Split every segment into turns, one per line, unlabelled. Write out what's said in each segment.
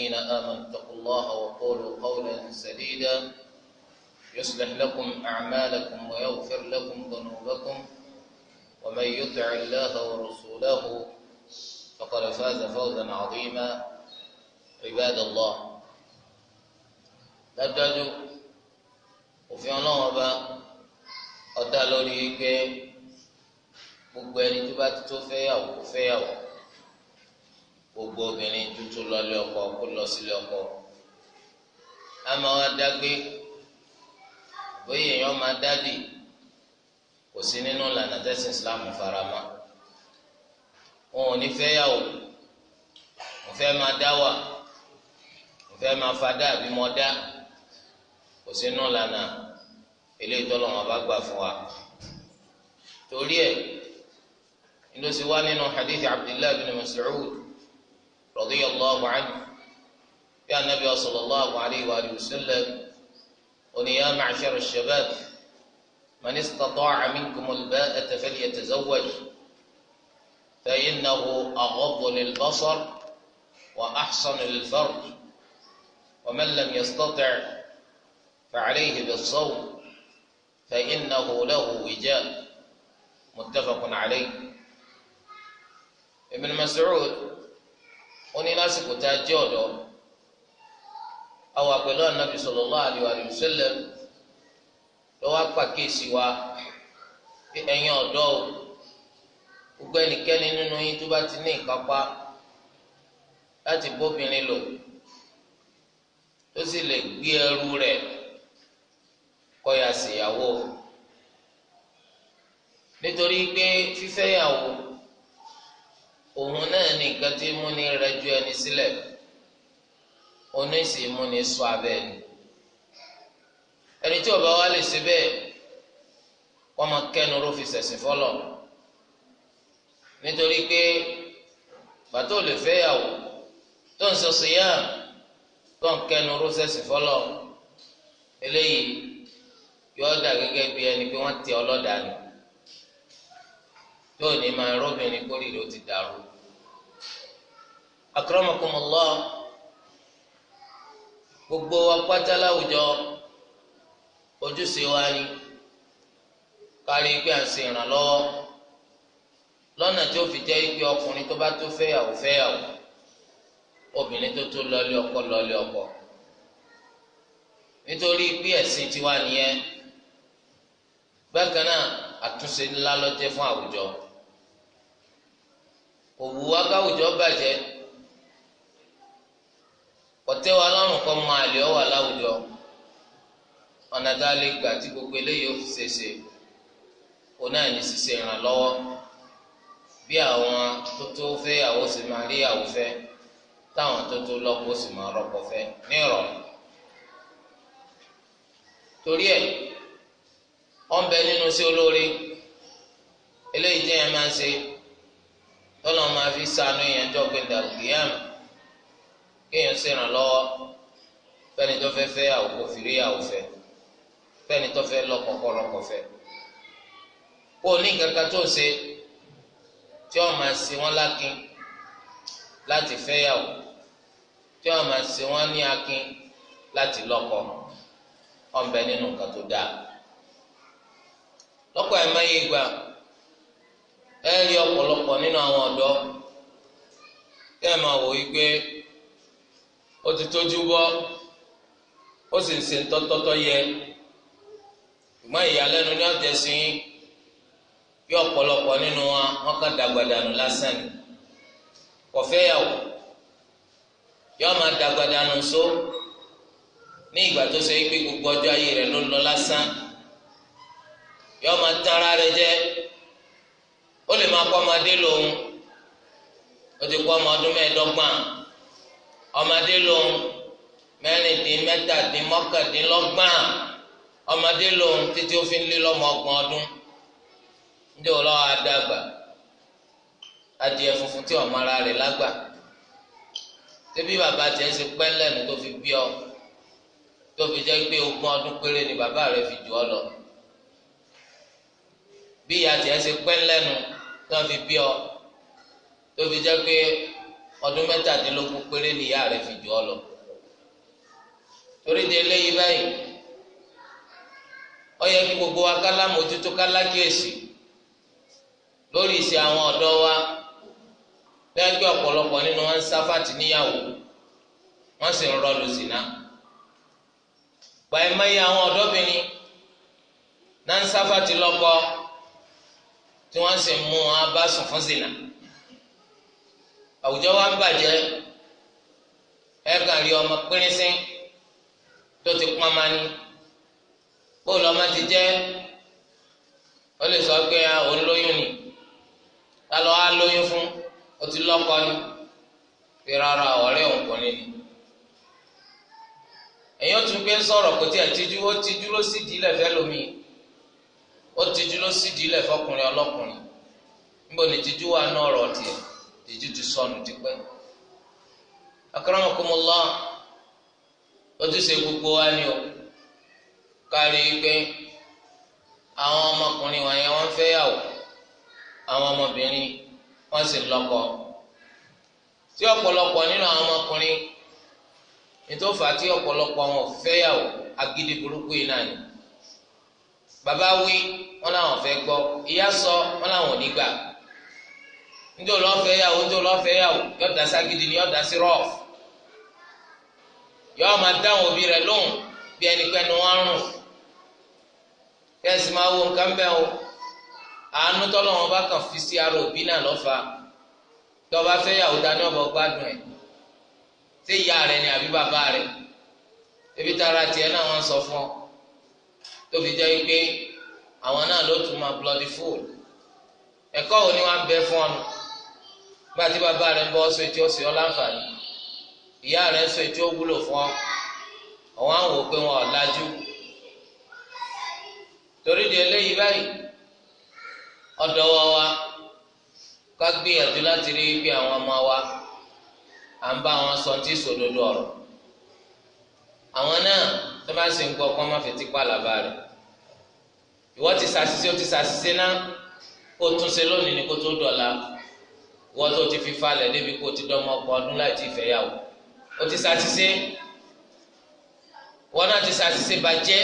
الذين آمنوا اتقوا الله وقولوا قولا سديدا يصلح لكم أعمالكم ويغفر لكم ذنوبكم ومن يطع الله ورسوله فقد فاز فوزا عظيما عباد الله لا وفي ọlọ́run ọba ọ̀dà lórí pé gbogbo ẹni tó فيا ti gbogbo obìnrin tuntun lọlé ọkọ kó lọ sílé ọkọ ama wa dágbé bóyá èèyàn máa dádì kò sí nínú ìlànà tẹ̀sìn islam farama wọn ò ní fẹ́ yàwó wọn fẹ́ máa dá wà wọn fẹ́ máa fadá àbí mọ́ dá kò sí nínú ìlànà eléyìí tó lọ́wọ́ bá gbà fún wa torí ẹ̀ ńlọsí wa nínú hadith abdullahi bin Mas'oud. رضي الله عنه يا النبي صلى الله عليه وآله وسلم ونيا يا معشر الشباب من استطاع منكم الباءة فليتزوج فإنه أغض للبصر وأحصن للفرج ومن لم يستطع فعليه بالصوم فإنه له وجاء متفق عليه ابن مسعود onye na lásìkò tá a jẹ́ ọ̀dọ́ àwọn àpẹẹlẹ ànábì sallallahu alaihi wa sallam lọ́wọ́ pàkíyèsí wa bí ẹ̀yin ọ̀dọ́ o gbogbo ẹnikẹ́ni nínú yín tó bá ti ní ìkápá láti bóbìnrin lò tó sì lè gbé ẹrú rẹ̀ kọ́ya ṣèyàwó nítorí pé òun náà ní nǹkan tí múni rẹjú ẹni sílẹ̀ oníṣì múni sọ abẹ́ ẹni ẹni tí ọba wa lè ṣe bẹ́ẹ̀ wọ́n máa kẹ́nu ró fi ṣẹ̀sìn fọ́lọ̀ nítorí pé bàtó lè fẹ́ yàwó tó ń sọ síyá tó ń kẹ́nu ró ṣẹ̀sìn fọ́lọ̀ eléyìí yóò dà gẹ́gẹ́ bí ẹni pé wọ́n ti ọlọ́dà ni yóò ní máa rọ́bìnrin kórìíra ti dàrú akramakumullah gbogbo wa pátá láwùjọ ojúṣe wa ni kárí pé à ń ṣe ìrànlọ́wọ́ lọ́nà tí ó fi jẹ́ pé ọkùnrin tó bá tó fẹ́yàwó fẹ́yàwó obìnrin tó tó ọkọ lọ́lé ọkọ nítorí pé ẹ̀sìn tiwa nìyẹn bákan náà àtúnṣe fún àwùjọ òwú bàjẹ́. ọ̀tẹ́ wa lọ́rùn kọ́ máa lè ọ wà láwùjọ ọ̀nà tá a lè gbà tí gbogbo eléyìí ó fi ṣeéṣe kò náà ní ṣiṣẹ́ ìrànlọ́wọ́ bí àwọn tó tó fẹ́ àwọn sì máa rí àwọn fẹ́ táwọn tó tó lọ́kọ́ sì máa rọ́pò fẹ́ ní ìrọ̀lẹ́ torí ẹ̀ wọ́n bẹ nínú sí olóore eléyìí jẹ́ máa ń ṣe tọ́lọ́ máa fi ṣàánú yẹn jọ́ gbẹ̀dàgbìyàmù. kéèyàn ṣèrànlọ́wọ́ fẹ́ni tó fẹ́ fẹ́ àwòkọ fìrí àwòfẹ́ fẹ́ni tó fẹ́ lọ́kọ̀ọ́kọ́ lọ́kọ̀ọ́fẹ́ kó o ní kankan tó ṣe tí wọ́n máa ṣe wọ́n lákin láti fẹ́yàwó tí wọ́n máa ṣe wọ́n ní akin láti lọ́kọ ọ̀nbẹ nínú nǹkan tó dáa lọ́kọ̀ ẹ̀ máa yé gbà rí ọ̀pọ̀lọpọ̀ ó ti tójú bọ́ ó sì ń ṣe tọ́tọ́tọ́ yẹ ìmọ̀ ìyàlẹ́nu ní ọ̀jẹ̀ sí bí ọ̀pọ̀lọpọ̀ nínú wa wọ́n kàn dàgbàdànù lásán ni kò fẹ́ yàwó yọ́ máa dàgbàdànù só ní ìgbà tó ṣe pé gbogbo ọjọ́ ayé rẹ̀ ló ń lọ lásán yọ́ máa tán ara rẹ̀ jẹ́ ó lè máa kọ́ ọmọdé lòun ó ti kọ́ ọmọ ọdún mẹ́ẹ̀ẹ́dọ́gbọ̀n ọmọdé lòun mẹ́rìndín mẹ́tàdín mọ́kàndínlọ́gbọ̀n ọmọdé lòun títí ó fi ń lé lọ́mọ ọgbọ̀n ọdún ndé wọ́n lọ́wọ́ adágbà adìẹ funfun tí ọmọ ara rẹ̀ lágbà tẹ́bí bàbá tiẹ̀ ń ṣe pẹ́lẹ́ nu tó fi bí ọ tó fi jẹ́ pé ogún ọdún péré ni bàbá rẹ̀ fi jù ọ lọ bí ìyá tiẹ̀ ń ṣe pẹ́lẹ́ nu tó fi bí ọ tó fi jẹ́ pé ọdún mẹ́tàdínlógún péré nìyá rẹ̀ fi jù ọ lọ torí de eléyìí báyìí ó yẹ kí gbogbo wa kálá mójútó lórí ìsì àwọn ọ̀dọ́ wa lẹ́gbẹ́ ọ̀pọ̀lọpọ̀ nínú wọn ń sáfàtì níyàwó wọ́n sì ń rọlù sínà àwọn ọ̀dọ́bìnrin náà ń lọ́kọ tí wọ́n sì mú wọn bá àwùjọ wa ń bàjẹ́ ẹ rí ọmọ pínrínsín tó ti pọn ma ní bóòlù ọmọ ti jẹ́ ó lè sọ pé òun lóyún ni ta ló wá lóyún fún ó ti lọ́kọ ni pé rárá ọ̀rẹ́ òun ní ni tún gbé sọ̀rọ̀ kò tí tijú ó di ìjú ti sọnù tipẹ́ akramakumullah ojúṣe gbogbo wa ni o kárí pé àwọn ọmọkùnrin wọ̀nyí wọ́n ń fẹ́yàwó àwọn ọmọbìnrin wọ́n sì lọ́kọ tí ọpọlọpọ nínú àwọn ọmọkùnrin nítòfà tí ọpọlọpọ wọn burúkú yìí náà ni wí làwọn ìyá sọ làwọn ò ní njó lọ́fẹ̀ẹ́ yàwó njó lọ́fẹ̀ẹ́ yàwó yọ da sagidi ni yọ da sí rọf yọ máa dáhùn òbí rẹ lóhùn bí ẹnikẹ́ni wọn rùn fẹ́ẹ́sì máa wo nǹkan bẹ́ẹ̀ o àánú tọ́lọ́ wọn bá kàn fi sí ara òbí náà lọ́fà tọ́ba fẹ́ yàwó dání ọ̀bọ̀ gbádùn ẹ̀ ṣé ìyá rẹ ni àbí bàbá rẹ ebi tara tiẹ̀ náà wọ́n sọ fún ọ tóbi jẹ́ pé àwọn náà ló tún máa bloody fool ẹ̀kọ́ wo ni wọ́n bẹ fún ọ nù gba tí bàbá rẹ ń bọ ọsọ etí ọsẹ ọ láǹfààní ìyá rẹ ń sọ etí ó wúlò fún ọ àwọn àwọn òpin wọn ọ̀làjú torí di eléyìí báyìí ọ̀dọ̀ wa wa ká gbìyànjú láti rí pé àwọn ọmọ wa à ń bá wọn sọ tí sòdodo ọ̀rọ̀ àwọn náà tó bá sì ń gbọ́ kó má fi tipa làbá rẹ ìwọ ti ṣàṣìṣe ó ti ṣàṣìṣe náà kó tún ṣe lónìí ni kó tó dọ̀la. wọ́n tó ti fi falẹ̀ níbi kó ti dọ́mọ ọgbọ̀n ọdún láti tí o ti ṣàṣìṣe wọ́n náà ti ṣàṣìṣe bàjẹ́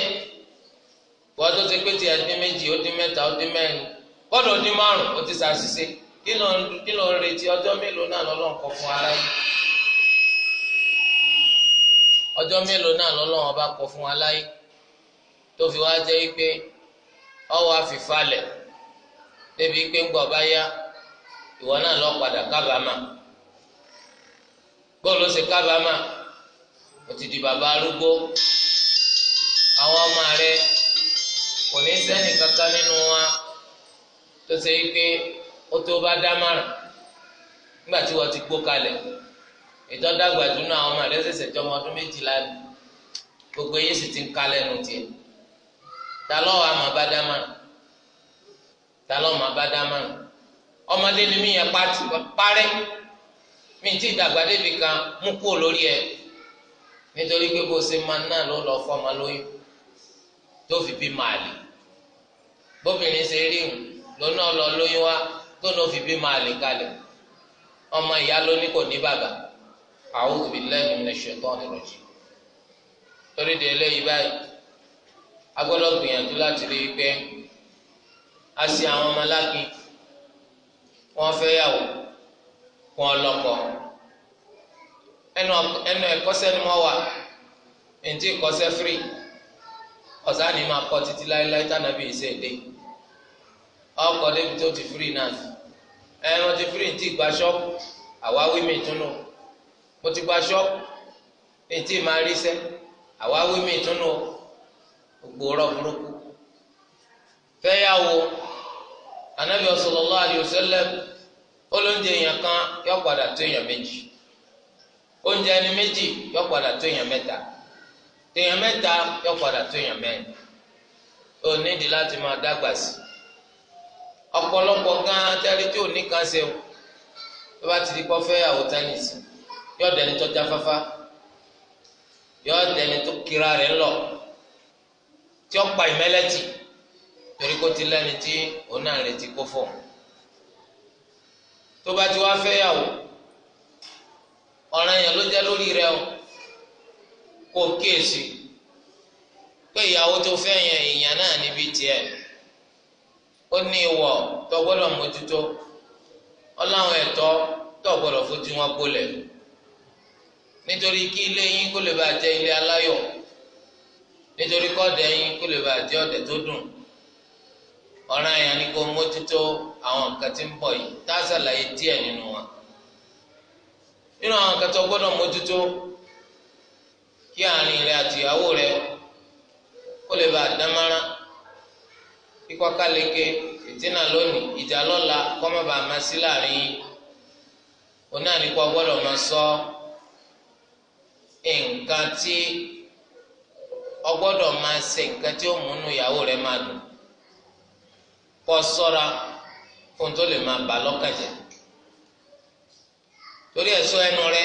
wọ́n tó ti pé ti ẹ̀dín méjì ó dín mẹ́ta ó dín mẹ́rin bọ́dọ̀ ó dín márùn-ún o ti ṣàṣìṣe kí ló ń retí ọjọ́ mélòó náà fún ọjọ́ mélòó náà ọba kọ fún tó fi wá jẹ́ pé ọwọ́ àfìfalẹ̀ débi pé ń bá yá. ìwọ náà lọ padà kábàámà bóòlù ṣe kábàámà o ti di bàbá arúgbó àwọn ọmọ rẹ kò ní sẹ́ni kankan nínú wa tó ṣe pé ó tó bá nígbà tí wọ́n ti gbó kalẹ̀ ìtọ́dàgbà dúnú àwọn ọmọ rẹ ṣẹ̀ṣẹ̀ ọdún méjìlá gbogbo ti ń kalẹ̀ nù ọmọdé ni mí yẹn parẹ́ mi ti dàgbà débi kan mú kúrò lórí ẹ nítorí pé bó ṣe máa náà ló lọ fọmọ lóyún tó fi bí màálì bóbìnrin ṣe rí òun ló náà lọ lóyún wá tó náà fi bí màálì kalẹ̀ ọmọ ìyá ló ní kò ní bàbá a'udhu billahi minash shaitanir rajim torí de eléyìí báyìí a gbìyànjú láti rí i pé a ṣe àwọn ọmọ lákin wọn fẹ́ yàwó wọn lọ́kọ ẹnu ẹ̀kọ́ṣẹ́ ni wọ́n wà ntí kọ́ṣẹ́ firi ọ̀sán ni máa kọ́ títí láéláé tánàbí ìṣe èdè ọkọ̀ débi tó ti firi náà ẹnu ti firi ntí gba ṣọ́ọ̀bù àwa wí mi túnú mo ti gba ṣọ́ọ̀bù ntí máa rí sẹ́ àwa wí mi túnú gbòòrọ̀ burúkú fẹ́ yàwó anabi sallallahu alaihi wasallam olóúnjẹ èèyàn kan yóò padà tó èèyàn méjì oúnjẹ ẹni méjì yóò padà tó èèyàn mẹ́ta èèyàn mẹ́ta yóò padà tó èèyàn mẹ́rin ó nídìí láti máa dàgbà sí ọ̀pọ̀lọpọ̀ gan tẹ́lẹ̀ tí ò ní kan ṣe tó bá ti di kọ́ fẹ́ àwòtán nìsí yóò dẹni tó jáfáfá yóò dẹni tó kira rẹ̀ lọ tí ó pa ìmẹ́lẹ́tì torí kó ti lẹ́ni tí òun náà retí kó fọ̀ tó bá ti wá fẹ́yàwó ọ̀ràn yẹn ló jẹ́ lórí rẹ o kó o kíyèsí pé ìyàwó tó fẹ́ yẹn èèyàn náà níbi tiẹ̀ ó ní ìwọ̀ tó gbọ́dọ̀ mójútó ọláwọn ẹ̀tọ́ tó gbọ́dọ̀ fojú wọn gbolẹ̀ nítorí kí ilé yín kó lè bàa jẹ́ ilé aláyọ̀ nítorí kọ́ọ̀dẹ̀ yín kó lè bàa jẹ́ ọ̀dẹ̀ tó dùn ọ̀ràn yẹn ni kó mójútó. àwọn nǹkan ti ń bọ̀ yìí tá a ṣàlàyé díẹ̀ nínú wọn nínú àwọn nǹkan tó gbọ́dọ̀ mójútó kí àárín rẹ àti ìyàwó rẹ kó lè bá a dámárán kíkọ́ ìdínà lónìí ìjà lọ́la kọ́ sọ nǹkan tí o máa ṣe nǹkan tí ó múnú fún tó lè máa bà lọ́kàn jẹ́ torí ẹ̀sọ́ ẹnu rẹ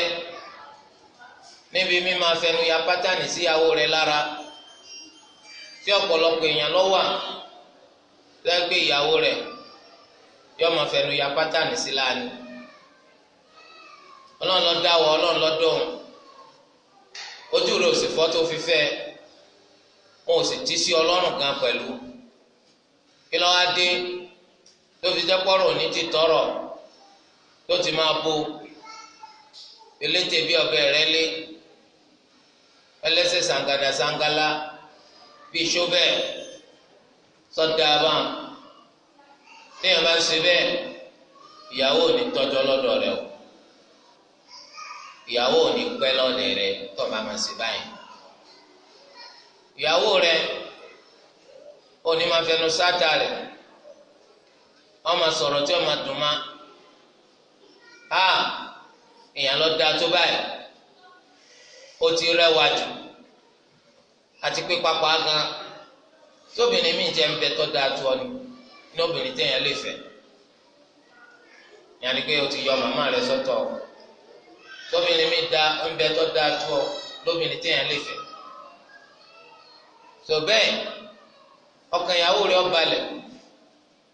níbi mímọ afẹnu ya pátánì síyàwó rẹ lára tí ọ̀pọ̀lọpọ̀ èèyàn lọ wà lẹ́gbẹ́ ìyàwó rẹ yọ ọmọ afẹnu ya pátánì sí láàánú ọlọ́run ló dáwọ́ ọlọ́run ló dóhùn ojú rẹ ò sì fọ́ tó fi fẹ́ wọn ò sì tí sí ọlọ́run gan pẹ̀lú kí ló wá dé tó fi dẹ́pọ́rọ̀ ní ti tọrọ tó ti máa bo eléte bí ọbẹ̀ rẹ lé ẹlẹ́sẹ̀ sàǹgàdà sàǹgàlà bíi sóbẹ̀ sọ́dà bá téèyàn bá ṣe bẹ́ẹ̀ ìyàwó ò ní tọ́jọ́ rẹ o ìyàwó ò ní pẹ́ lọ́dọ̀ rẹ tó máa ma ṣe báyìí ìyàwó rẹ ò ní máa fẹnu sáta rẹ. ọmọ sọ̀rọ̀ tí ọmọ dùn a èèyàn lọ da tó báyìí ó ti rẹwà jù àti pé papọ̀ aga, tóbìnrin mi jẹ́ ń bẹ tó da tó ọ ni ní obìnrin téèyàn lè fẹ́ pé o ti yọ màmá rẹ sọ́tọ̀ tóbìnrin mi da ń bẹ tó da tó ọ lóbìnrin téèyàn lè fẹ́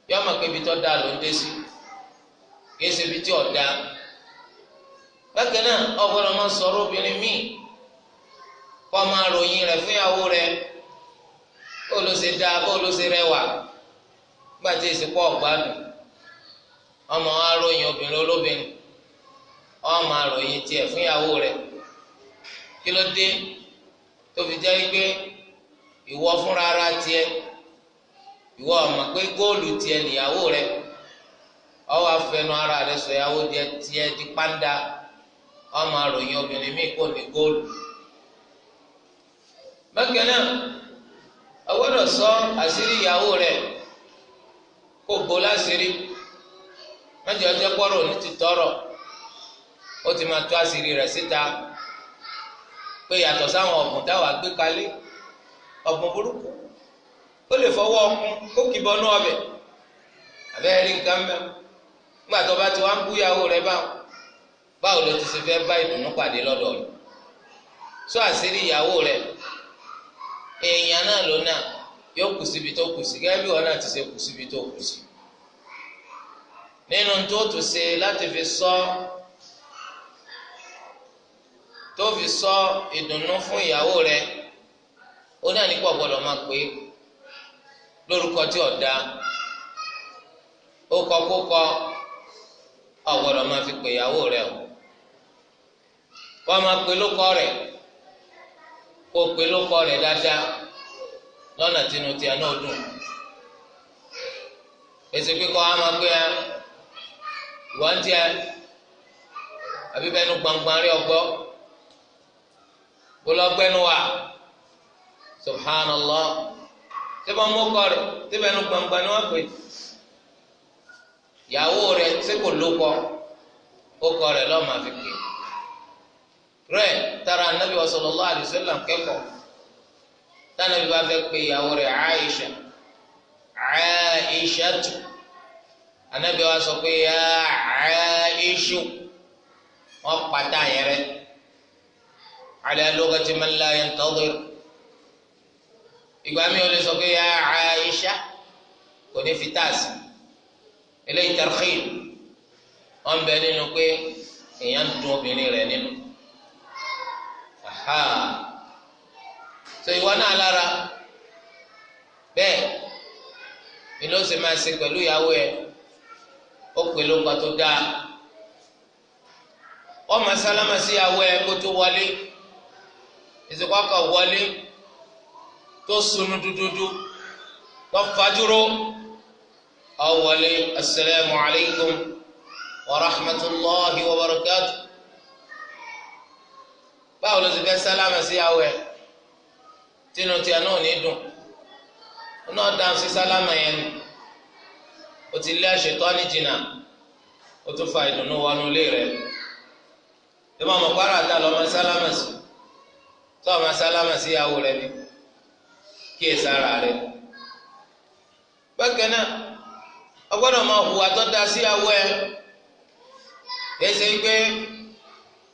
yọ ọmọ pé da tó dáa ló ibi tí ò obìnrin míì kọ́ ròyìn rẹ fún ìyàwó rẹ̀ bó ló ṣe dáa bó ló ìsìnkú ọ̀gbádùn ọmọ wa ròyìn obìnrin olóbìnrin ọmọ àròyìn tiẹ̀ fún ìyàwó rẹ kí ló dé tó jẹ́ pé ìwọ fúnra ara ìwọ ọmọ pé góòlù tiẹ̀ nìyàwó rẹ ọwọ́ afẹnu ara rẹ sọ ìyàwó tiẹ̀ di pàǹdà ọmọ àròyìn obìnrin míì kò ní góòlù. bákan náà ọgbọ́dọ̀ sọ àṣírí ìyàwó rẹ kó bo láṣírí mẹjọ ọjọ́ pọ̀rọ̀ ní ti tọrọ ó ti máa tú àṣírí rẹ síta pé yàtọ̀ sáwọn ọ̀gùn táwa gbé kalẹ̀ ọ̀gùn burúkú ó lè fọwọ́ ọkùn kó kì bọnú ọbẹ̀ àbẹ́rẹ́ rí nǹkan mẹ́ nígbà tó bá ti wá ń búyàwó rẹ báwọn báwo ló ti ṣe fẹ́ bá ìdùnnú pàdé lọ́dọ̀ rẹ sọ àṣírí ìyàwó rẹ èèyàn náà ló náà yóò kù síbi tó kù sí gẹ́gẹ́ bí wọn náà ti ṣe kù síbi tó kù sí nínú tó tún ṣe láti fi sọ tó fi sọ ìdùnnú fún ìyàwó rẹ ó náà ní pọ̀ gbọ́dọ̀ máa pé. lórúkọ tí ọ̀dá ó kọ kókọ ọ̀gbọ́dọ̀ máa fi pè ìyàwó rẹ o wọ́n máa pè lókọ rẹ̀ kó pè lókọ rẹ̀ dáadáa lọ́nà tinú tiẹ̀ náà dùn èsì kíkọ́ á máa pè ẹ́ ìwọ́n ń àbí síbẹ̀ ọmọ ọkọ rẹ̀ síbẹ̀ ẹnu gbangba ni wọ́n pè ìyàwó rẹ̀ tí kò lókọ ọkọ rẹ̀ lọ́ọ́ máa fi pè rẹ̀ tara anabi sallallahu alaihi wasallam kẹ́kọ̀ọ́ tánàbí bá fẹ́ pè ìyàwó rẹ̀ Aisha Aisha tù anabi wa sọ pé ya Aisha wọ́n pàtà yẹn rẹ̀ ala lugati man la ìgbà mi ò lè sọ pé ya Aisha kò ní fi táàsì eléyìí tarxin wọn bẹ nínú pé èèyàn ń dun obìnrin rẹ nínú aha so ìwọ náà lára bẹ́ẹ̀ ni ló ṣe máa ṣe pẹ̀lú ìyàwó ẹ ó pè ló ń tó dáa ọmọ sálámà sí ìyàwó ẹ kó tó wọlé ìsìnkú ọkọ wọlé tó sunu dúdúdú tó fajúro awọlé asalaamu alaykum wa rahmatulahi wa barakatu báwo ló ti fẹ́ sálámà sí awẹ́ tínú tiẹ̀ náà ní dùn náà dáhùn sí sálámà yẹn ni o ti lé àṣetọ́ni jìnnà o tún fa ìdùnnú wọnú ilé rẹ ìmọ̀ ọmọ kwara ta lọ́mọ sálámà sí tọ́ ọmọ sálámà sí ìyàwó rẹ ni. kíyè sára rẹ bákan náà ọgbọ́dọ̀ máa hùwà tó da síyàwó ẹ èsè pé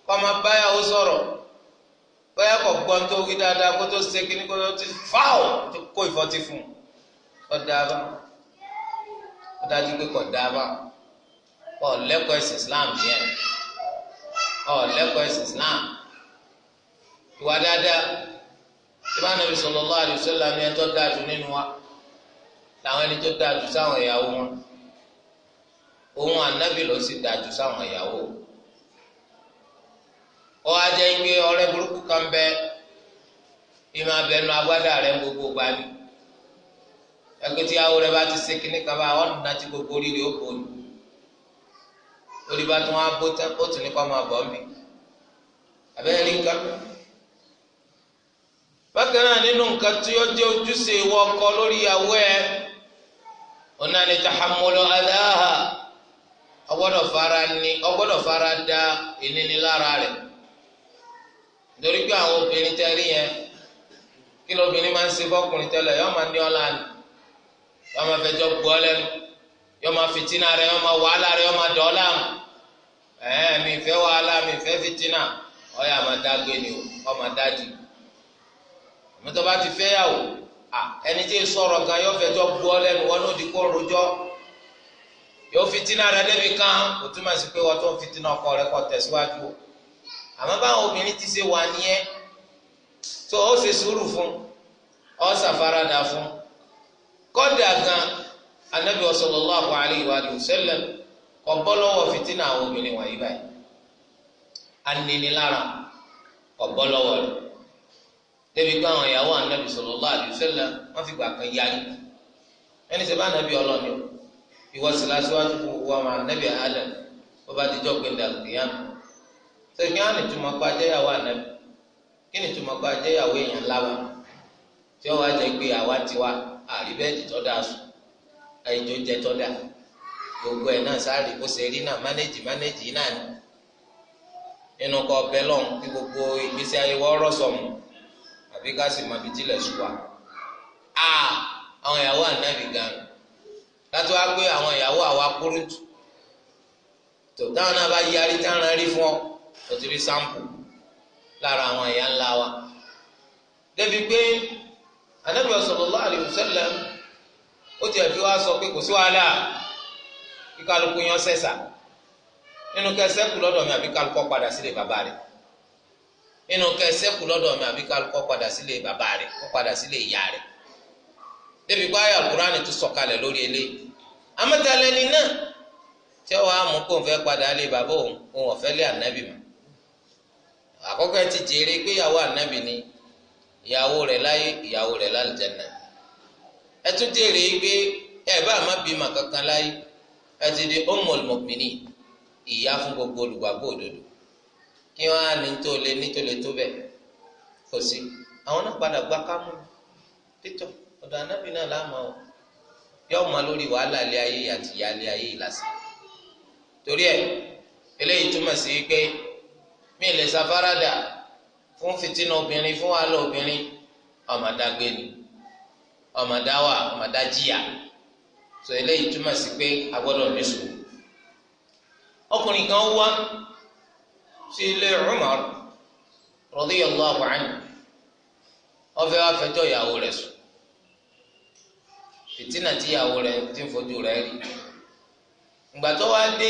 kọ́ báyàwó sọ̀rọ̀ báyà kọ̀ gbọ́ tó wí dáadáa kó tó ṣe kíní kó tó ti fáwọ̀ tó kó ìfọ́tí fún un ẹ̀sìn Islam yẹn ọ̀lẹ́kọ̀ọ́ ẹ̀sìn Islam ìwà dáadáa. ìbá nàbì sallallahu alaihi wasallam ni ẹjọ́ dájú nínú wa làwọn ẹni tó dájú sáwọn ìyàwó wọn òun ànábì ló sì dájú sáwọn ìyàwó ọ ajẹ́ ń gbé ọ̀rẹ́ burúkú kan bẹ ìmọ̀ abẹnú agbádá rẹ̀ ń gbogbo gbani ẹgbẹ́ tí awo rẹ̀ bá ti ṣe kíní kan bá ọ̀nà ti gbogbo rírì ó bò ní olùbátan wa ó tún ní kọ́ máa bọ̀ mí abẹ́rẹ́ nǹkan. bákan náà nínú nǹkan tí ó jẹ́ ojúṣe ìwọ ọkọ lórí ìyàwó ẹ ọ̀nà ni ọgbọ́dọ̀ fara ni ọgbọ́dọ̀ fara da ìnínilára lara nítorí pé àwọn obìnrin tẹ́rí yẹn kí lóbìnrin máa ń ṣe fọkùnrin tẹ́lẹ̀ yọ́ máa ní ọ́lá ni yọ́ máa fẹjọ́ gbọ́ lẹ́nu yọ́ máa fìtínà rẹ̀ ya máa wàhálà máa mu ẹ̀ẹ́n mi fẹ́ wàhálà mi fẹ́ fìtínà máa dá gbé ni o máa mọtò bá ti fẹ́ yàwó ẹni tí sọ̀rọ̀ kan yóò fẹjọ́ bu ọ lẹ́nu wọn náà di kó rojọ́ yóò fitinà rẹ débi kan kò túmọ̀ sí pé wọ́n tó ń ọkọ rẹ kọ tẹ̀síwájú o àmọ́ báwọn ti ṣe wà nìyẹn tó o ṣe sùúrù fún ọ ṣàfaradà fún kọ́dà anabi àwọn obìnrin wọ̀nyí báyìí débi pé àwọn ìyàwó anabi sallallahu alaihi wasallam wọn fi gbà kan yá yìí ẹni sẹ bá anabi ọlọni o ìwọ síláṣíwájú fún wọn àwọn anabi adam wọn bá pé ndàlù wọn ni pa jẹyàwó anabi kí ni tuma pa jẹyàwó èèyàn láwa tí wọn wá jẹ pé àwa tiwa àríbẹ́ẹ̀dì tọ́ da sùn da gbogbo ẹ̀ náà sáré kó ṣe náà mánéjì mánéjì náà nínú bẹ́lọ̀ gbogbo ìgbésí ayé àbí ká sì mọ ibi tílẹ̀ sùn wa a àwọn ìyàwó ànábì gan látọ wá pé àwọn ìyàwó àwa kúrú tù tó táwọn náà bá yarí táwọn rí fún ọ o ti rí sáǹpù lára àwọn ìyá ńlá wa débi pé ànábì sallallahu alaihi wasallam ó tiẹ̀ fi wá sọ pé kò sí wàhálà kíkálukú yan sẹ̀sà nínú kẹsẹ́kù lọ́dọ̀ mi àbí kálukọ́ padà sílé bàbá rẹ̀ nínú kẹ sẹ́kù lọ́dọ̀ mi àbí kọ́ padà sílé bàbá rẹ̀ kọ́ padà sílé ìyá rẹ̀ débi pé àyà kúránì tún sọ̀kalẹ̀ lórí eléyìí amẹ́tàlẹ́ni náà tí wọ́n á mú kó n fẹ́ padà lé bàbá òun òun ọ̀fẹ́ lé ànábì mọ́ àkọ́kọ́ ẹ ti jèrè pé ìyàwó ànábì ni ìyàwó rẹ̀ láyé ìyàwó rẹ̀ lálùjánnà ẹ tún jèrè pé ẹ bá má bímọ kankan láyé ẹ ti di ummul ìyá fún gbogbo olùgbàgbọ́ òdodo kí wọn á ní tó lé ní tó lé tó bẹ kò sí àwọn náà padà gbá kámú títọ anábì náà ọ yọọ ma lórí wàhálà ilé ayé àti ìyá ilé ayé ìlàsì torí ẹ eléyìí túmọ̀ sí pé mi lè safarada fún fìtínà obìnrin fún wàhálà obìnrin ọmọdàgbé ni ọmọdàwà ọmọdàjìyà so eléyìí sí pé sí ilé Umar radiyallahu anhu ọfẹ wa fẹjọ́ ìyàwó rẹ̀ sùn fìtínà tí ìyàwó rẹ ti ń fojú rẹ̀ rí ìgbà tó wá dé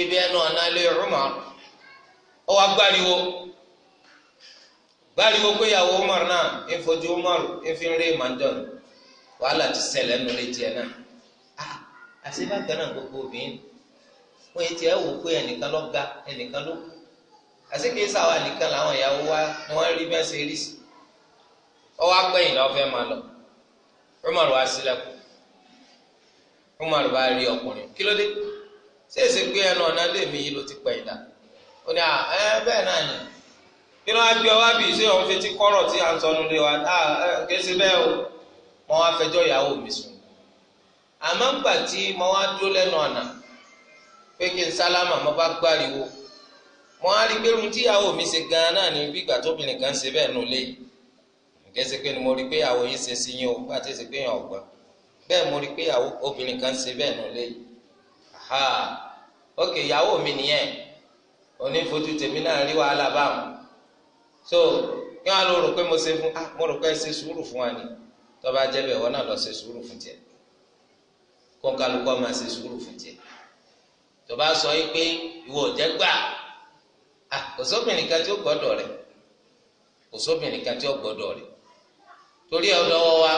ibi ẹnu ọ̀nà ilé Umar ó wá gbáriwo gbáriwo pé ìyàwó Umar náà ń fojú Umar ń fi rí wàhálà ti nínú ilé tiẹ̀ náà ah, gbogbo obìnrin wọ́n yẹ tiẹ̀ wò pé ẹnìkan ga ẹnìkan ló kú làwọn ìyàwó wa ni wọ́n rí bẹ́ẹ̀ ṣe rí sí ọwọ́ fẹ́ lọ Umar wá sílẹ̀kùn Umar bá rí ọkùnrin kí ló dé ṣé èsì pé ẹnu ọ̀nà lèmi yìí ló ti pẹ̀ ìdá ó ẹ bẹ́ẹ̀ náà ni ọ ṣé òun fetí kọ́rọ̀ tí ń lé wa bẹ́ẹ̀ o wá fẹjọ́ pé kí n sálámà mo bá gbáriwo mo á rí pé irun tíyàwó mi ṣe gan-an náà ní bí ìgbà tóbìnrin kan ṣe bẹ́ẹ̀ nù léyìí kẹsẹ pé mo rí pé ìyàwó yìí ṣe sí yín o bá ti ṣe pé yàn ọgbà bẹ́ẹ̀ mo rí pé ìyàwó obìnrin kan ṣe bẹ́ẹ̀ nù léyìí ok ìyàwó mi nìyẹn onífojú tèmi náà rí wàhálà báwọn so kí wọn lọ rò pé mo ṣe fún ah mo rò pé ṣe sùúrù fún wa ni tọba jẹbẹ ìwọ náà lọ ṣe sùúrù fún tiẹ̀ kó máa ṣe sùúrù fún tiẹ̀ tó bá sọ yìí pé ìwọ ò jẹ́ gbà á kò sóbìnrin kan tí ó gbọ́dọ̀ rẹ̀ kò sóbìnrin kan tí ó gbọ́dọ̀ rẹ̀ torí ọlọ́wọ́ wa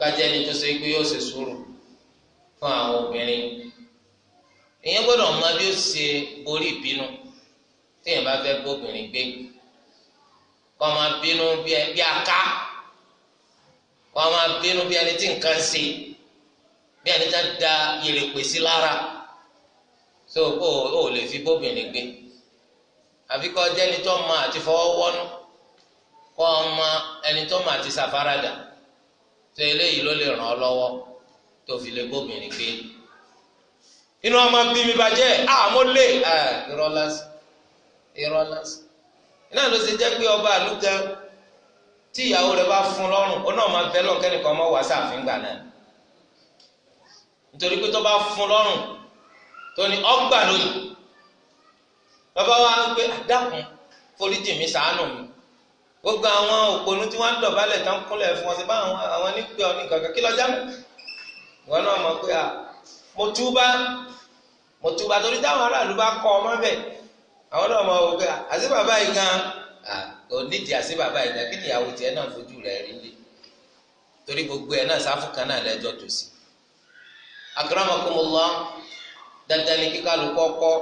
kájẹ́ ni tó ṣe pé yóò ṣe sùúrù fún àwọn obìnrin èèyàn gbọ́dọ̀ mọ bí ó ṣe borí ìbínú téèyàn bá fẹ́ gbóbìnrin gbé kọ́ máa bínú bí aká kọ́ máa bínú bí ẹni tí nǹkan ṣe bí ẹni tí wọ́n da yèrèpèsè lára. so o o fi bóbìnrin gbé àfi kọ́ jẹ́ ẹni tó mọ àti fọwọ́ wọ́nú ma ọmọ ẹni tó mọ àti ṣàfaradà tó eléyìí ló lè ràn ọ lọwọ tó fi lè bóbìnrin gbé inú ọmọ bí mi bàjẹ́ a lè irọ́ lásì irọ́ lásì iná ló ṣe jẹ́ pé ọba àlùkà tí ìyàwó rẹ̀ bá fún lọ́rùn ó náà máa bẹ́ lọ́kẹ́nìkan mọ́ wàásù àfíngbà náà tó ní ọgbà lónìí bàbá wa ń pé àdàkùn ah, foríjì mi ṣàánú mi gbogbo àwọn òpònú tí wọ́n ń dọ̀bálẹ̀ tán kúnlẹ̀ fún ọ sí bá àwọn nípe ọ ní kankan kí lọ́jà mọ́ ìwọ náà mọ̀ pé à ah, mo túbá mo túbá torí táwọn aráàlú bá kọ ọmọ bẹ́ẹ̀ àwọn náà mọ̀ wò pé ah, àti bàbá yìí gan onídìí àti bàbá yìí gan kí nìyàwó tiẹ̀ náà fojú rẹ̀ rí lé torí gbogbo ẹ̀ náà sáfù kan náà lẹ́jọ́ tòsí. akramakumullah dandan ni kíkálukú kọ́kọ́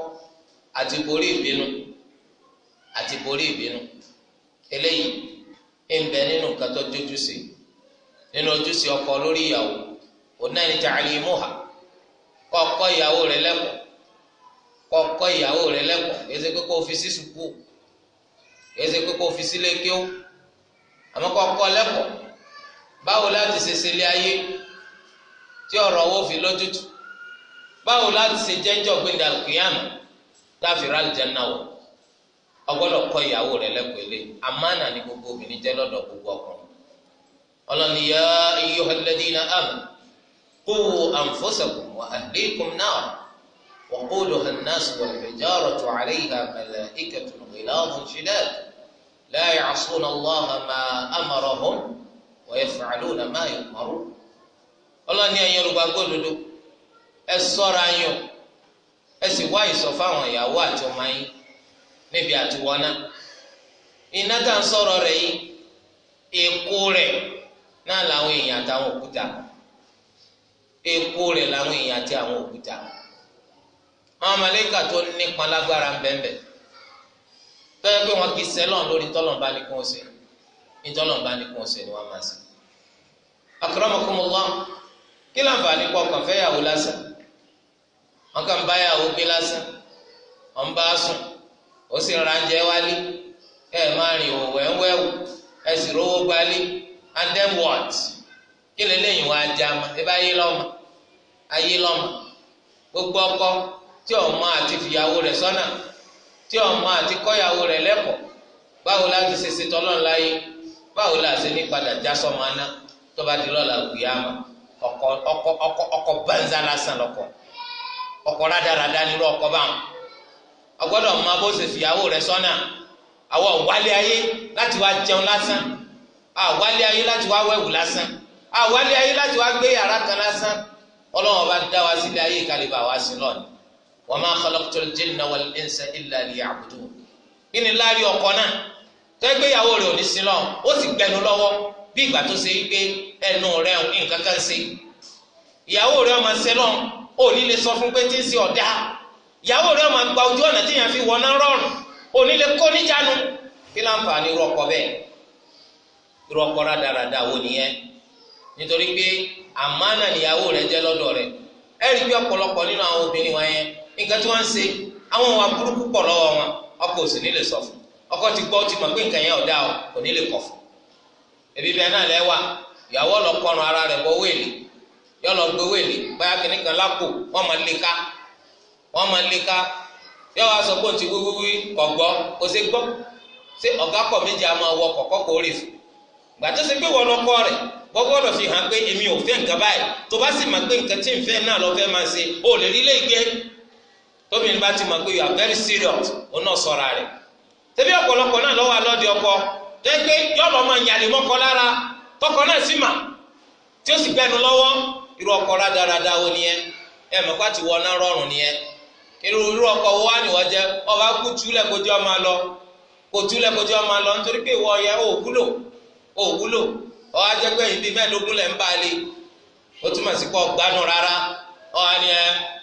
àti borí ìbínú àti borí ìbínú eléyìí ń bẹ nínú nǹkan tó jójúṣe nínú ojúṣe ọkọ lórí ìyàwó òun náà ní ta'limuha kọ́kọ́ ìyàwó rẹ lẹ́kọ̀ọ́ kọ́kọ́ ìyàwó rẹ lẹ́kọ̀ọ́ èsì pé kó o fi sí sùkú èsì pé kó o báwo láti ṣe sílé ayé tí ọ̀rọ̀ owó lójútùú báwo láti ṣe jẹ́jọ́ gbẹ̀dẹ̀ àlùkìyàmù láàfin ràlìjánná wọ̀ ọgbọ́dọ̀ kọ́ ìyàwó rẹ̀ lẹ́kọ̀ọ́ ilé àmánà ni gbogbo obìnrin jẹ́ lọ́dọ̀ gbogbo ọkùnrin ọlọ́ni yá ayyuhal ladina amanu qu anfusakum wa ahlikum nar wa quluha an-nas wal hijaratu alayha malaa'ikatun ghilazun shidad la ya'suna allaha ma amarahum wa yaf'aluna ẹ ṣọ́ra yín o ẹ sì wá ìsọ fáwọn ìyàwó àti ọmọ yín níbi àtiwọ́ iná tá à ń sọ̀rọ̀ rẹ̀ yìí èkó rẹ̀ náà làwọn èèyàn òkúta èkó làwọn èèyàn àti àwọn òkúta àwọn màlàíkà tó nípa lágbára pé wọn kì í lórí ní kún ní ní kún ni máa kí kọkàn lásán wọn kàn bá yàwó gbé lásán wọn bá sùn ó sì ra jẹ wálé ẹ máa rìn òwò ẹ ń wẹwò ẹ sì rówó gbálé and then what kí lélẹyìn wá ma ẹ bá lọmọ lọmọ gbogbo ọkọ tí ọmọ àti fìyàwó rẹ̀ sọ́nà tí ọmọ àti la ti ṣe láyé la ní padà já sọmọ aná tó bá di ọkọ ọkọ ọkọ ọkọ bánzá ọkọ rádaràda nírú ọkọ báwọn ọgbọ́dọ̀ mọ bó ṣe fìyàwó rẹ̀ sọ́nà àwọn wálé ayé láti wá jẹun lásán àwálé ayé láti wá wẹ̀wù lásán àwálé ayé láti wá gbé yàrá kan lásán ọlọ́wọ́n bá dá wa sílé ayé kálíbà wá sí lọ́ọ̀ni wa ma khalaqtul jinna wal insa illa liya'budun kí ni láàrin ọkọ náà tẹ́gbéyàwó rẹ̀ ò ní sí lọ́wọ́ ó sì gbẹnu lọ́wọ́ bí ìgbà tó ṣe é gbé ẹnu rẹ̀ nǹkan kan ṣe ìyàwó rẹ̀ ọmọ ṣẹlọ́ọ̀ ò lè sọ fún pé tí ń ṣe ọ̀dá ìyàwó rẹ máa gba ojú ọ̀nà tíyàn fi wọná rọrùn ò lè kó níjànú kí láǹfààní irú ọkọ bẹ́ẹ̀ irú ọkọ rádaràda wo nìyẹn nítorí pé àmánà níyàwó rẹ̀ jẹ́ lọ́dọ̀ rẹ̀ ẹ rí bí ọ̀pọ̀lọpọ̀ nínú àwọn obìnrin wa yẹn nǹkan tí ń ṣe àwọn wa burúkú wọn ọkọ òsì ní sọ fún ọkọ ti gbọ́ ti pé nǹkan yẹn ní lè fún náà ìyàwó ara yọ lọ gbé wèlé báyà kìnnì kan lápò wọn máa lé ká wọn máa lé ká yọ wá sọ ti wíwíwí kọ gbọ́ o ṣe gbọ́ ṣé ọ̀gá kọ̀ méjì a máa wọ kọ̀kọ́ kó rè fún gbà tó pé wọ́n lọ kọ́ rẹ̀ gbọ́gbọ́dọ̀ fi hàn pé èmi ò nǹkan báyìí tó bá sì nǹkan tí náà lọ máa ṣe o lè rí léègbé tóbi bá ti mọ̀ pé you are very serious o náà sọ̀ra rẹ̀ tẹ́bí ọ̀pọ̀lọpọ̀ náà lọ́wọ́ ọkọ tẹ́ pé yọ̀ọ́ máa mọ́kọ lára tọkọ náà sì mà tí ó sì gbẹnu lọ́wọ́ irú ọkọ rádaràda wo ni ẹ ẹ mọ̀ pàtí wọ náà rọrùn ni ẹ irú irú ọkọ wo wá ní wọ́n jẹ ọba kú túlẹ̀ kojú ọmọ lọ kò túlẹ̀ kojú ọmọ lọ nítorí pé ìwọ ọyẹ ò wúlò ò ọ pé mẹ́ẹ̀ẹ́dógún lẹ̀ ń bá a o túmọ̀ sí kọ́ gbanú rárá ọ wá ẹ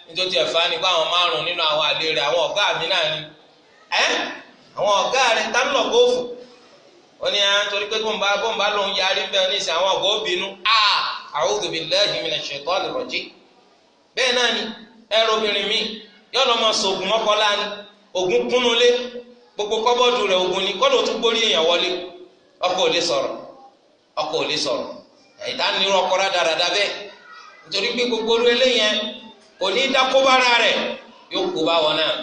nítorí ẹ̀fà ni pé àwọn márùn nínú àwọn àlè rẹ̀ àwọn ọ̀gá mi náà ni ẹ àwọn ọ̀gá ó a'udhu billahi minash shaitani rajim bẹ́ẹ̀ náà ni ẹrù obìnrin mi yọ̀ọ́ lọ́mọ sọ̀gùn mọ́kànlá ni ògùn gbogbo kọ́bọ́ọ̀dù rẹ̀ ògùn ni kọ́dọ̀ tún gbórí èèyàn wọlé ọkọ ò lè sọ̀rọ̀ ọkọ ò lè sọ̀rọ̀ ìdánirú ọkọ rádaràda bẹ́ẹ̀ nítorí pé gbogbo eléyẹn kò ní dákóbára rẹ̀ yóò kó bá wọn náà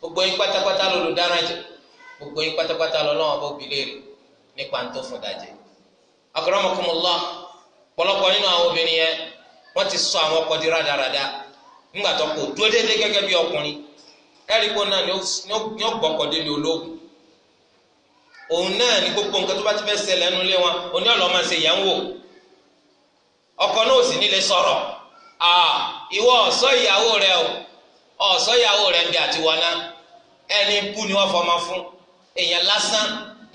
gbogbo yín pátápátá lolùdáràn jẹ gbogbo yín pátápátá lọ́lọ́run bó bilé rẹ nípa tó fún dajẹ akramakumullah pọ̀lọpọ̀ nínú àwọn obìnrin yẹn wọn ti sọ àwọn ọkọ di rádaràda nígbà tó kò dúró déédéé gẹ́gẹ́ bí ọkùnrin náà ni ó gbọkọ délé òun náà ni gbogbo nǹkan tó bá ti fẹ́ lé wọn òní ọ̀lọ́ máa ṣe yẹn ń wò ọkọ náà ò sì sọ̀rọ̀ ìwọ o ọ̀sọ́ ìyàwó rẹ̀ ń bí àti wọná ẹni bú ni wọ́n fọmọ fún èèyàn lásán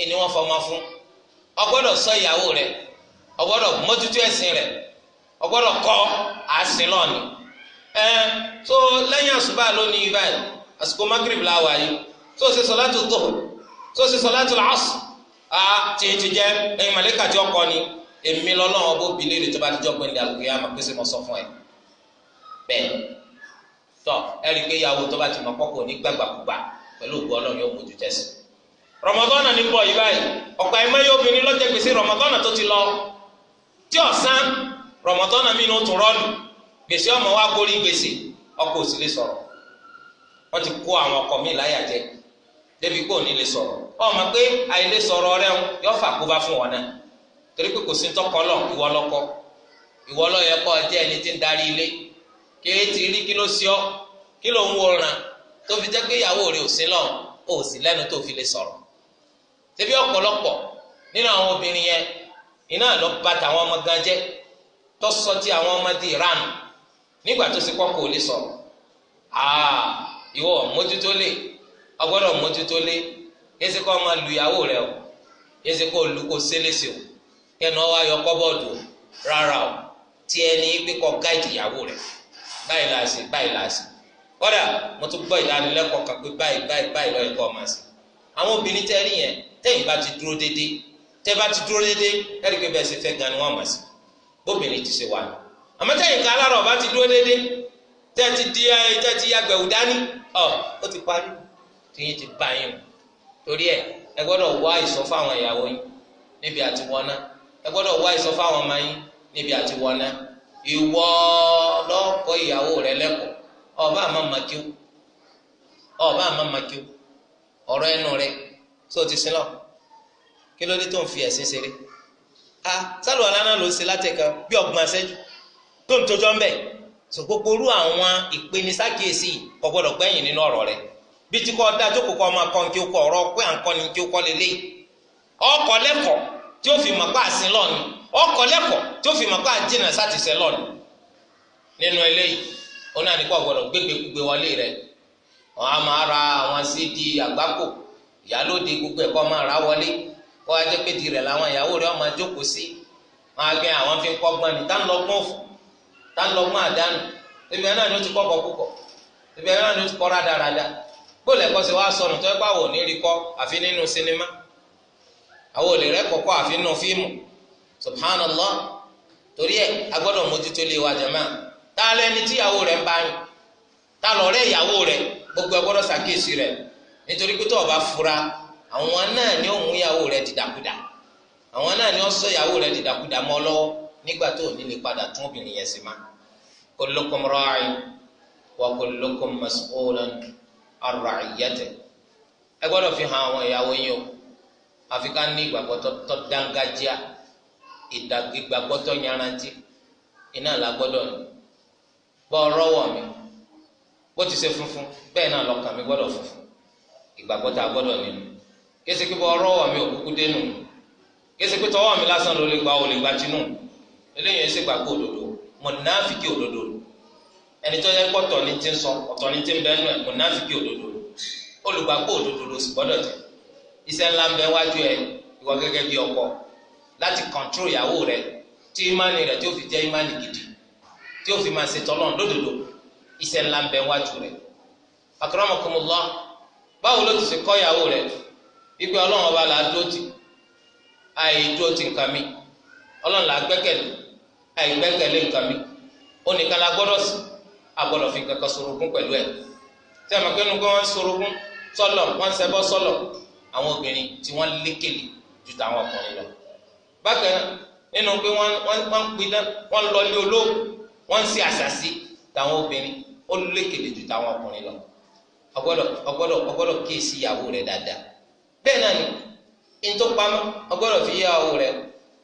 ni wọ́n fọmọ fún ọgbọ́dọ̀ sọ ìyàwó rẹ̀ ọgbọ́dọ̀ mójútó ẹ̀sìn rẹ̀ ọgbọ́dọ̀ kọ́ àásìn lọ́ọ̀nì ẹ tó lẹ́yìn àṣùbà lónìí báyìí àsìkò magrib la wà yìí tó ṣe sọ̀látù duhur tó ṣe sọ̀látù asr a ti ti jẹ́ ẹ̀yin màlẹ́kà tí ó kọ́ ni èmi lọ́lọ́run ọbọ̀ bìlẹ̀ rẹ̀ tó bá ti jọ́ gbẹ̀ndẹ̀ àlùkò yà máa pèsè mọ́ sọ fún ẹ bẹ́ẹ̀. tọ ẹrí pé ìyàwó tó bá ti mọ pọkọ ní gbàgbàkúgbà pẹ̀lú ògùn Ọlọ́run yóò mójú tẹsí. rọmọdọ́nà ní bọ̀ yìí báyìí ọ̀pọ̀ ẹ̀mọ́ yóò obìnrin lọ́jẹ́ gbèsè rọmọdọ́nà ti lọ tí ọ̀sán mi tún rọ́ọ̀lù gbèsè ọmọ wa gbèsè òsì lè sọ̀rọ̀ wọ́n ti kéé ti rí kí ló sí ọ kí ló ń wòran tó fi jẹ́ pé ìyàwó rẹ̀ ò sí lọ ò sí lẹnu tó fi lè sọ̀rọ̀ tẹ́bí ọ̀pọ̀lọpọ̀ nínú àwọn obìnrin yẹn iná lọ bá tàwọn ọmọ gan jẹ́ tó sọ ti àwọn ọmọ di ìranù nígbà tó lè ìwọ mójútó lè mójútó lè ọmọ báyìí là á ṣe báyìí là á ṣe kódà mo tún gbọ́ ìdánilẹ́kọ̀ọ́ kan pé báyìí báyìí báyìí lọ́yẹ̀ kọ́ máa ṣe àwọn obìnrin tẹ́ rí yẹn tẹ́yìn bá ti dúró déédéé tẹ́ bá ti dúró déédéé ẹ̀rí pé bẹ́ẹ̀ ṣe fẹ́ gan ni wọ́n máa ṣe bóbìnrin ti ṣe wà ní. àmọ́ tẹ́yìn ká alárọ̀ bá ti dúró déédéé tẹ́ ti di tẹ́ ti yàgbẹ̀wò dání ọ ó ti parí ìwọ lọkọ ìyàwó rẹ lẹ́kọ̀ọ́ ọba àmọ́ màkíw ọba àmọ́ màkíw ọrọ ẹnu rẹ tó ti sin lọ kí ló dé tó ń fi ẹ̀sìn ṣeré a sálù aláná ló ṣe látẹ̀kọ bí ọgbọ́n aṣẹ́jú tó ń tójọ́ ń bẹ̀ sòkòkò rú àwọn ìpenisákèésì kò gbọdọ̀ nínú rẹ bí tí kò ọmọ ó kọ fi àsìn ni. ọkọ̀ lẹ́kọ̀ọ́ tó fi mọ̀ pé àjìnà sáti sẹ́lọ̀nù nínú eléyìí ó náà ní kó ọ̀gbọ́dọ̀ gbégbégbé wọlé rẹ̀ wọ́n á máa ra àwọn di àgbákò ìyálóde gbogbo ẹ̀kọ́ máa ra wọlé kó wá jẹ́ pé di rẹ̀ làwọn ìyàwó rẹ̀ ọmọ jókòó sí máa gbé àwọn fi ń kọ́gbọ́n òfò àdánù ni ó ti púpọ̀ ni ó ti kọ́ rádaràda gbọ́lẹ̀kọ́ sí wàá sọnù subhanallah torí ẹ agbọ́dọ̀ mójútó lé wa jama tá a lẹni tí ìyàwó rẹ ń bá yín tá a lọrẹ ìyàwó rẹ gbogbo agbọ́dọ̀ ṣàkíyèsí rẹ nítorí pé tó o bá fura àwọn náà ni ó mú ìyàwó rẹ dìdàkudà àwọn náà ni ó sọ ìyàwó rẹ dìdàkudà mọ́ lọ́wọ́ nígbà tó o ní lè padà tún obìnrin yẹn sí ma kullukum ra'in wa kullukum mas'ulan an ra'iyyatihi ẹ gbọ́dọ̀ fi hàn àwọn ìyàwó yín o àfi ní ìgbàgbọ́ tó dáńgájíá ìdàgbàgbọ́tọ̀ yanrantí iná la gbọ́dọ̀ ní bọ́ rọ́wọ́ mi bó ti ṣe funfun bẹ́ẹ̀ náà lọ́kàn mi gbọ́dọ̀ funfun ìgbàgbọ́tọ̀ a gbọ́dọ̀ kése pé bọ́ rọ́wọ́ mi ò kúkú dénú kése pé tọwọ́ mi lásán ló lè gba ò lè gba tinú eléyìí ẹsẹ̀ gbàgbọ́ òdodo mọ̀nàfíkì òdodo ẹni tó yẹ kó ọ̀tọ̀ ní ti ń sọ ọ̀tọ̀ ní ti ń bẹ́ẹ̀ nù ẹ̀ mọ̀nàfíkì láti control ìyàwó rẹ tí ìmánì rẹ tí ó fi jẹ́ ìmánì gidi tí ó fi máa ṣe tọ́lọ́n lódodo iṣẹ́ ńlá ń bẹ wájú rẹ. akramakumullah báwo ló ti ṣe kọ́ ìyàwó rẹ wípé ọlọ́run ọba là á dúró tì àì dúró tì nǹkan mi ọlọ́run là á gbẹ́kẹ̀lé àì gbẹ́kẹ̀lé nǹkan mi ó nìkan la gbọ́dọ̀ sí àgbọ́dọ̀ fi kankan sorogún pẹ̀lú ẹ̀ tí a mọ̀ pé nínú kí wọ́n sorogún sọ́lọ̀ wọ́n ń ṣẹbọ sọ́lọ̀ àwọn obìnrin tí wọ́n lékele ju tàwọn ọkùnrin lọ bákan náà nínú pé wọ́n ń pidán wọ́n ń lọlé olóògùn wọ́n ń ṣe àṣàṣì táwọn obìnrin ó lékele ju táwọn ọkùnrin lọ ọgbọ́dọ̀ ọgbọ́dọ̀ ọgbọ́dọ̀ kíyèsí ìyàwó rẹ̀ dáadáa bẹ́ẹ̀ náà ni ntọ́pamọ́ ọgbọ́dọ̀ fi yàwó rẹ̀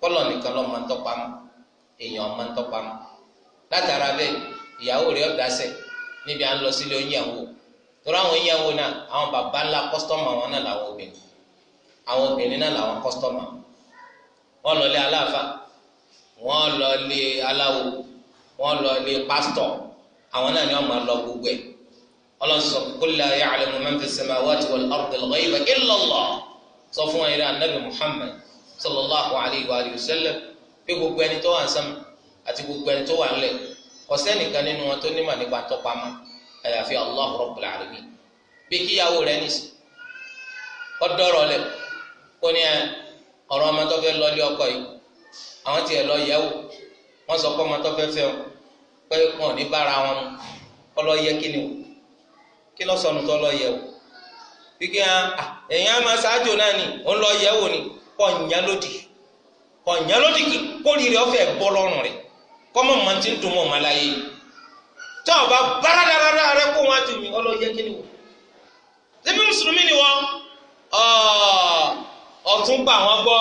kọ́lọ̀ nìkan lọ́ọ́ máa ntọ́pamọ́ èèyàn máa ntọ́pamọ́ látara bẹ́ẹ̀ ìyàwó rẹ̀ ọ̀dàṣẹ́ níbi à ń lọ sílé oníyàwó torí àwọn oníyàwó náà àwọn bàbá ńlá kọ́sítọ́mù àwọn náà làwọn obìnrin àwọn obìnrin náà làwọn kọ́sítọ́mù àwọn wọ́n lọ lé aláàfà wọ́n lọ lé aláwo wọ́n lọ lé pásítọ̀ àwọn náà ni wọ́n máa lọ gbogbo ẹ̀ ọlọ́sọ qul la ya'lamu man fi samawati wal ardi al-ghayba illa Allah sọ fún ẹ̀rẹ́ anabi Muhammad sallallahu alayhi wa sallam pé gbogbo ẹni tó wà sánmà àti gbogbo ẹni tó wà nílẹ̀ kò sẹ́nìkan nínú wọn tó nímọ̀ nípa tọpamọ́ àyàfi Allah rabbul alamin bí kíyàwó rẹ nìsí ọdọ́rọ̀ lẹ̀ kó ní ẹ ọ̀rọ̀ ọmọ tó fẹ́ lọlé ọkọ yìí àwọn tiẹ̀ lọ yẹ̀wò wọ́n sọ pé ọmọ tó fẹ́ fẹ́ o pé wọn ò ní bára wọn mu ọlọ yẹ kí ni o kí lọ sọnù tó lọ yẹ̀wò fíkẹ́ à èèyàn máa ṣáájú náà ni òun lọ yẹ̀wò ni kọ̀ ǹyán lódì kọ̀ ǹyán lódì kí kórìíra ọ̀fẹ́ bọ́ lọ́rùn rẹ̀ kọ́mọ̀ mọ̀ ti ń dùn mọ̀ máa láyé tó o bá báradáradá rẹ kó wọn àti mi ọlọ yẹ kí ni o ṣé bí mùsùlùmí ni wọn ọ̀ọ́ ọ̀tún gbà wọ́n gbọ́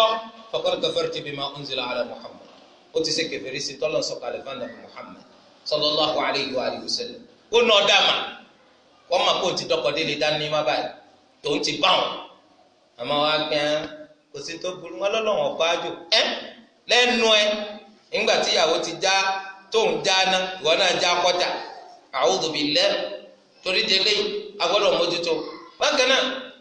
faqad kafarta bima unzila ala Muhammad ó ti ṣe kèfèrí sí tọ́lọ̀ sọ̀kalẹ̀ fún anabi Muhammad sallallahu alayhi wa alihi wa sallam ó nà ọ́ dàmà wọ́n mọ̀ kó o ti dọ́kọ̀ délé dání má báyìí tó ń ti bá wọn àmọ́ wa gbẹ́ kò sí tó burú wọn lọ́lọ́wọ́n ọ̀pá àjò ẹ́ lẹ́nu ẹ nígbà tí ìyàwó ti já tó ń jáná ìwọ náà já kọjá a'udhu billah torí délé agbọ́dọ̀ mójútó bákan náà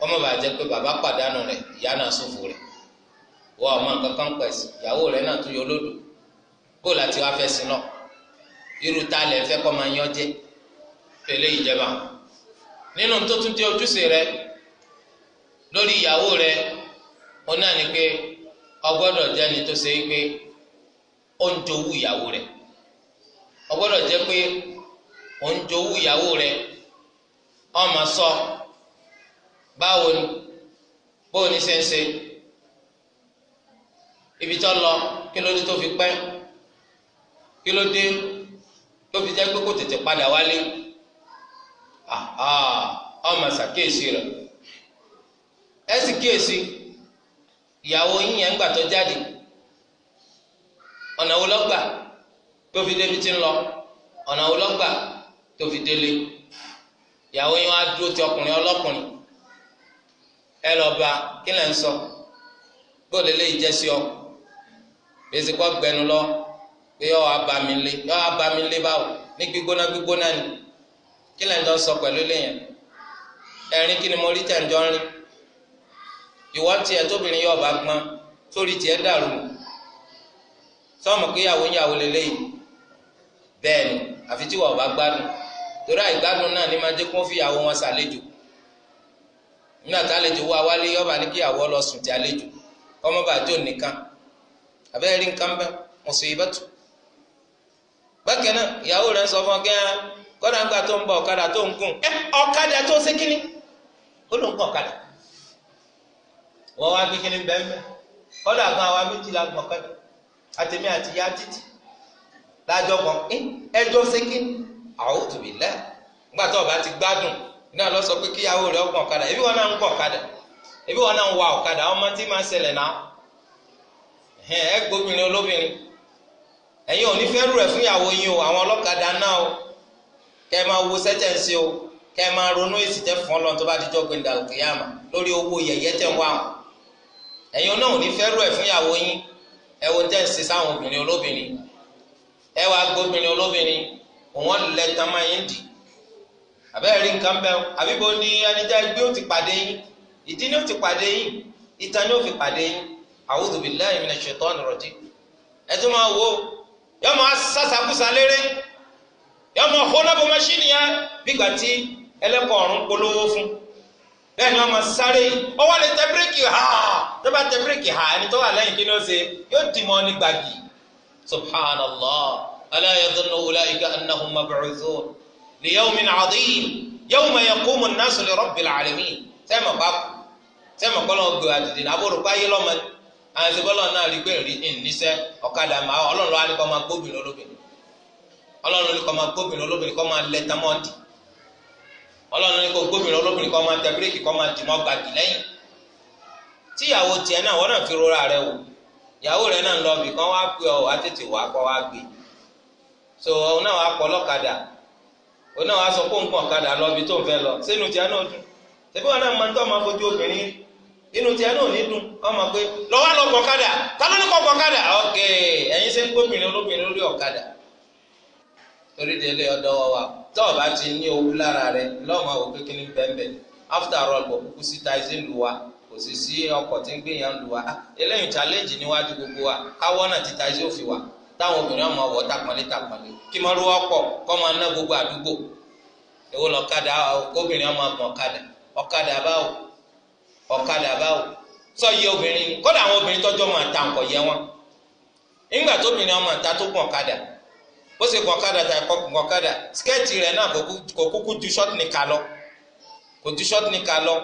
ọmọ bàá jẹ́ pé bàbá pàdánù rẹ̀ ìyá náà ṣòfò rẹ̀ wọ ọmọ nǹkan kan ìyàwó rẹ̀ náà tún yọ lódò bó láti fẹ́ sí náà irú ta lẹ̀ fẹ́ kọ́ máa yán jẹ́ pẹ̀lú ìjẹba nínú tó tún ojúṣe rẹ, lórí ìyàwó rẹ, náà ni pé ni tó ṣe pé ń jowú ìyàwó pé ń jowú ìyàwó ọmọ sọ. báwo ni bóò ni ṣe ibi tó lọ kí ló tó fi pẹ́ kí ló dé tó fi jẹ́ pé kó tètè padà wálé ọmọ ṣàkíyèsí rẹ̀ ẹ sì kíyèsí ìyàwó yín yẹn ń gbà tó jáde ọ̀nà wo lọ́gbà tó fi débi tí ń lọ ọ̀nà wo lọ́gbà ẹ lọ bá kí lẹ ń sọ bóòlù eléyìí jẹ sí ọ bẹsẹ kọ gbẹnu lọ pé yọ abami lé yọ abami lé báwo ní gbígbóná gbígbóná ni kí lẹ ń jọ sọ pẹ̀lú léyìn ẹ̀rín kí ni mo rí tẹ̀ǹjọ́ ń rí ìwọ tiẹ̀ tóbìnrin yọ ọba gbọ́n sórí tiẹ̀ dàrú sọmọ pé yàwó yàwó lélẹ́yìn bẹ́ẹ̀ ni àfi tí wọ́n ọba gbádùn torí àìgbádùn náà ni máa jẹ́ kó fi yàwó wọn ṣàlejò nígbà tá àlejò wá wálé yọba ní kíyàwó lọ sùn tí àlejò kọ́mọ́ bàjọ́ nìkan abẹ́rẹ́ rí nǹkan bẹ́ẹ̀ musibatu. bákan náà ìyàwó rẹ̀ ń sọ fún ọ kí wọ́n ah, kọ́dà ń gbà tó ń bọ̀ ọ̀kadà tó ń gùn ẹ eh, ọ̀kadà tó ṣe kíní ó ló ń gbọ̀ ọ̀kadà wọ́n wá gbé kíní bẹ́ẹ̀ bẹ́ẹ̀ kọ́dà gan àwa méjì la gbọ̀ ọ̀kadà àtẹ̀mí àti ya títì lájọ gbọ̀n eh, ẹjọ́ ṣe kíní a'udhu billah iná lọ sọ pé kíyàwó rẹ̀ ọgbọ̀n ọ̀kadà ebi wọn náà ń ebi wọn náà ń wa ọ̀kadà ọmọ tí máa na náà ẹ gbóbìnrin olóbìnrin ẹ̀yin ò ní fẹ́ rú fún ìyàwó yín o àwọn ọlọ́kadà náà o kẹ́ ẹ máa wo sẹ́tẹ̀ ń ṣe o kẹ́ ẹ máa ronú èsì tẹ́ fún ọlọ́run tó bá pé ndà òkè yàmà lórí owó ń wá náà ò ní fẹ́ rú fún ìyàwó àbẹ́ẹ̀ rí nǹkan bẹ́ẹ̀ àbíbo ni ẹnìjà ẹgbẹ́ ó ti pàdé yín ìdí ni ó ti pàdé yín ìtàn ni ó fi pàdé yín a'udhu billahi minash shaitani rajim ẹ tún máa wo yọ máa sàṣàkúsà léré yọ máa hónábó mọ́ṣíìnì yẹn bígbà tí ẹlẹ́kọ̀ọ́ ọ̀run polówó fún bẹ́ẹ̀ ni wọ́n máa sáré ọwọ́ lè tẹ bíríkì ha tó bá tẹ bíríkì ha ẹni tó wà lẹ́yìn kí ló ṣe yóò dì mọ́ ní gbàgì subhanallah ala yadhunnu ulaika annahum mab'uthun li yawmin adhim yawma yaqumu an-nasu li rabbil alamin sẹ́mọ̀ bá kú sẹ́mọ̀ kọ́ lọ́wọ́ gbé wa dìde ní abóró pa ayé lọ́mọ àwọn ẹ̀sìn bọ́lọ̀ náà rí pé rí níṣẹ́ ọ̀kadà máa ọlọ́run wa ni kọ́ máa gbóbìnrin olóbìnrin ọlọ́run ni kọ́ máa gbóbìnrin olóbìnrin kọ́ máa lẹ́tà mọ́ọ̀dì ọlọ́run ni kọ́ gbóbìnrin olóbìnrin kọ́ máa tẹ bíréèkì kọ́ máa dì mọ́ gbàgì lẹ́yìn tíyàwó tiẹ̀ náà wọ́n náà fi rora rẹ wò ìyàwó rẹ náà lọ bì kán wá pé ọ wá tètè wá kọ́ wá gbé so òun náà wá pọ̀ lọ́kadà òun náà wàá sọ ọ̀kadà lọ ibi tó ń fẹ́ lọ sínú tíá náà dùn ṣebí wọn náà máa ń tọ́ máa fojú obìnrin inú tíá náà ní dùn ọmọ pé lọ́wọ́ ta ní ok ẹ̀yin ṣe ń gbóbìnrin olóbìnrin lórí ọ̀kadà torí délé ọ̀dọ́ wa wa tọ́ ọ̀bá ti ní owó lára rẹ lọ́mọ òkú kíní bẹ́ẹ̀ after all kúkú sí wa kò táwọn obìnrin ọmọ wọ takpọnlé takpọnlé kí máa lówó pọ̀ kọ́ máa ná gbogbo àdúgbò èwo lọ́kadà obìnrin ọmọ gbọ̀n ọ̀kadà ọ̀kadà báwo ọ̀kadà báwo sọ yẹ obìnrin ni kọ́dà àwọn obìnrin tọ́jọ́ máa ta nǹkan yẹ wọn nígbà tó obìnrin ọmọ ta tó gbọ̀n ọ̀kadà ó sì gbọ̀n ọ̀kadà tàbí kọ́ gbọ̀n ọ̀kadà skẹ́ẹ̀tì rẹ̀ náà kò kúkú ju short nìka lọ kò ju short nìka lọ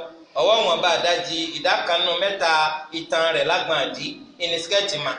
ọwọ́ wọn bá dájí ìdá kan mẹ́ta ìtàn rẹ̀ lágbọ̀n ìní skẹ́ẹ̀tì máa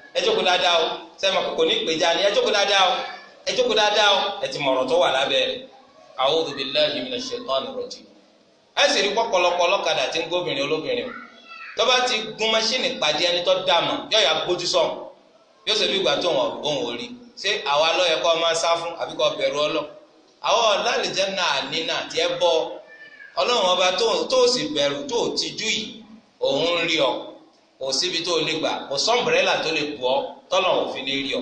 ẹ jókòó dáadáa o sẹ́mi àkókò ní ìpèjà ni ẹ jókòó dáadáa o ẹ jókòó dáadáa o ẹ ti mọ̀rọ̀ tó wà lábẹ́ rẹ̀ a'udhu billahi minash shaitanir rajim ẹ sì rí pọ̀pọ̀lọpọ̀ ọlọ́kadà tí ń gómìnrin olóbìnrin o tó bá ti gun mọ́ṣíìnì pàdé ẹni tó dààmú yóò yà gbójú sọ̀ yóò ṣe bí ìgbà tó wọn òun ò rí ṣé àwa lọ́yẹ kọ́ máa sá fún àbí kọ́ bẹ̀rù ọlọ́ àwọn ọ̀làlìjẹ́ náà nínà tí ẹ bọ́ ọlọ́run ọba tó sì bẹ̀rù tó tijú yìí òun ń rí ọ kò síbi tó lè gbà kò sọ́mbrẹ́là tó lè bù ọ́ tọ́lọ̀ òfin lè rí ọ.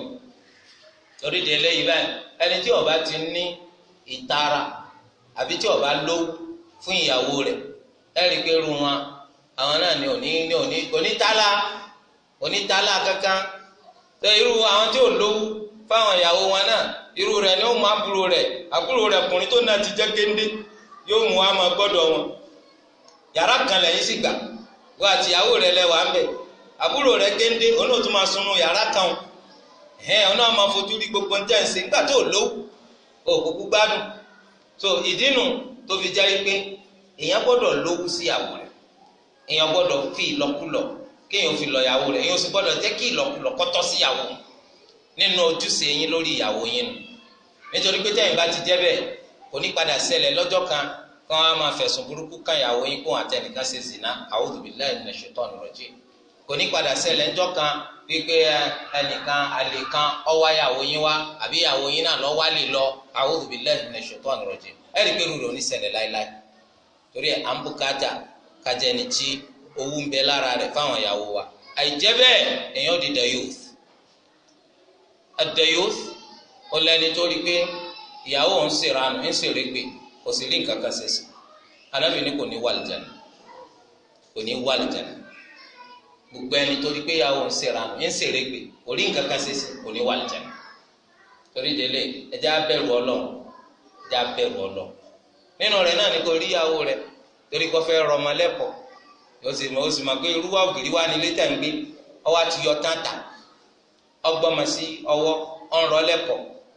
torí de eléyìí báyìí ẹni tí ó bá ti ní ìtara àbí tí ó ló fún ìyàwó rẹ̀ ẹ pé irú wọn àwọn náà ni òní ní òní onítàlá onítàlá kankan tẹ irú àwọn tí ò lówó fáwọn ìyàwó wọn náà irú rẹ̀ ni ó mú àbúrò rẹ̀ àbúrò rẹ̀ kùnrin tó náà ti jẹ́ géńdé yóò mú àmọ́ gbọ́dọ̀ wọn yàrá kan lẹ́yìn sì gbà wọ àtìyàwó rẹ lẹwà ń bẹ àbúrò rẹ géńdé òun náà tún máa sunú yàrá kan ẹn òun náà máa rí gbogbo ń tẹ̀sí nígbà tó lówó òkùnkùn gbádùn so ìdínú tó fi jẹ́ pé èèyàn gbọ́dọ̀ lówó síyàwó rẹ̀ èèyàn gbọ́dọ̀ fi ìlọkulọ̀ kéèyàn fi lọ ìyàwó rẹ̀ èèyàn sì gbọ́dọ̀ jẹ́ kí ìlọkulọ̀ kọ́tọ́ síyàwó nínú ojúṣe yín lórí ìyàwó yín nù nítorí pé tẹ́yìn bá ti jẹ́ bẹ́ẹ̀ kò ní padà ṣẹlẹ̀ lọ́jọ́ kan káwọn á máa fẹ̀sùn burúkú kan yín kó àtẹnìkan ṣe zina a'udhu billahi minash shaitani rajim kò ní padà ṣẹlẹ̀ ńjọ́ kan wípé ẹnìkan àlè kan ọwọ́ ìyàwó yín wá àbí ìyàwó yín náà lọ́wọ́ àlè lọ a'udhu billahi minash shaitani rajim ẹ̀rí pé rúurú òní ṣẹlẹ̀ láéláé torí ẹ̀ à ń bùkátà kájẹni tí owó ń bẹ lára rẹ̀ fáwọn ìyàwó wa àìjẹ́ bẹ́ẹ̀ osiri nka rí nǹkan kan ṣe ní kò ní wà kò ní gbogbo ẹni torí pé yàwó ń ṣèrà ń ṣèrè gbé kò kò ní torí délé ẹjẹ ẹjẹ nínú náà ni kò rí yàwó torí kò rọmọ yóò sì ni ń gbé ọwọ́ yọ sí ọwọ́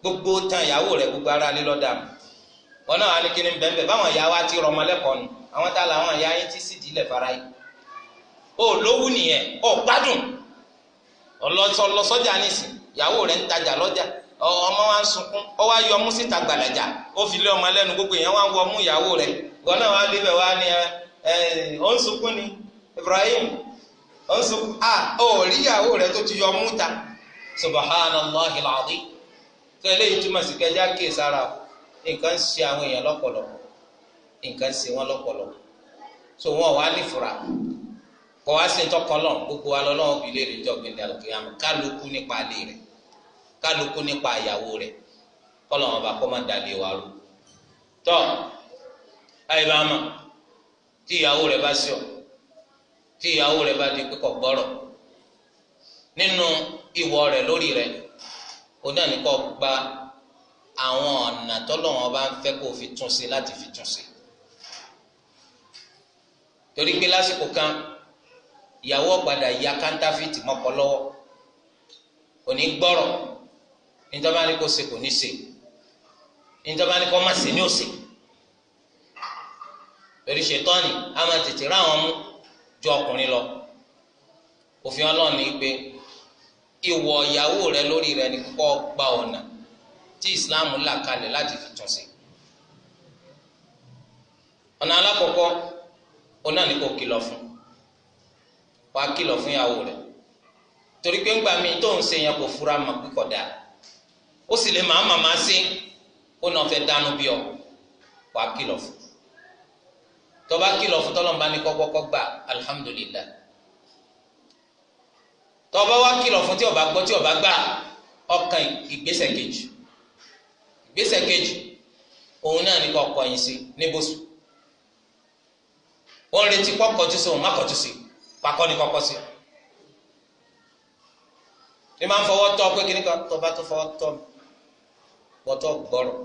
gbogbo tán gbogbo ara wọn náà wà ní kíni báwọn ìyá wa ti rọmọ lẹ́kọ̀ọ́ nù àwọn tá làwọn ìyá yín ti sì dìílẹ̀ fara yìí ó lówú nìyẹn ó gbádùn ọlọsọjà nìsín ìyàwó rẹ̀ ń tajà lọjà ọmọ wa ń sunkún ó wá yọ síta gbàlàjà ó fi lé ọmọ a ta subahana nǹkan ṣe àwọn èèyàn lọ́pọ̀lọpọ̀ nǹkan ṣe wọ́n lọ́pọ̀lọpọ̀ so wọn wà lè fura kọ wá sí tọkọ lọ gbogbo wa lọ́lọ́run fi léèrè jọ gbẹdẹ àlùkò yàrá kálukú nípa àlè rẹ kálukú nípa àyàwó rẹ kọlọmọ bá kọ má dalè wa rú tọ àyè bá mọ tí ìyàwó rẹ bá sọ tí ìyàwó rẹ bá di pẹkọ gbọrọ nínú ìwọ rẹ lórí rẹ òun ní kọ gba àwọn ọ̀nà tọ́lọ́wọ́n bá ń fẹ́ kó fi tún sí láti fi tún sí. torí pé lásìkò kan ìyàwó ọ̀gbàdà ya kántáfìtì mọ́kọ lọ́wọ́ kò ní gbọ́rọ̀ níjọba ní kò ṣe kò ní ṣe níjọba ní kò má ṣe ní òṣè torí ṣètọ́ni a máa tètè rá àwọn mú ju ọkùnrin lọ òfin ọlọ́ọ̀ni pé ìwọ ìyàwó rẹ lórí rẹ ní kọ́ gba ọ̀nà tí islam là kalẹ̀ láti fi tún sí. ọ̀nà alákọ̀ọ́kọ́ ọ̀nà ni kò kìlọ̀ fún wàá kìlọ̀ fún ìyàwó rẹ̀ torí pé ńgbà míì tó ń ṣe yẹn kò fura mà púpọ̀ dáa ó sì lè máa màmá sí ó náà fẹ́ dánú bí ọ wàá kìlọ̀ fún tọba kìlọ̀ fún tọ́lọ́mbà ní kọ́kọ́kọ́ gbà alihamudulilayi tọba wa kìlọ̀ fún tí ọba gbọ́ tí ọba gbà ọkàn ìgbésẹ̀ kejì gbèsè kejì òun náà ní kò kọ̀yìn sí níbùsùn ó ń retí kọkọ tó sí òun má kọtù sí pakọ ní kọkọ sí ní máa ń fọwọ́ tọ́ pé kí ni ká tọ́ bá tó fọwọ́ tọ́ mi bọ́tọ́ gbọ́rọ̀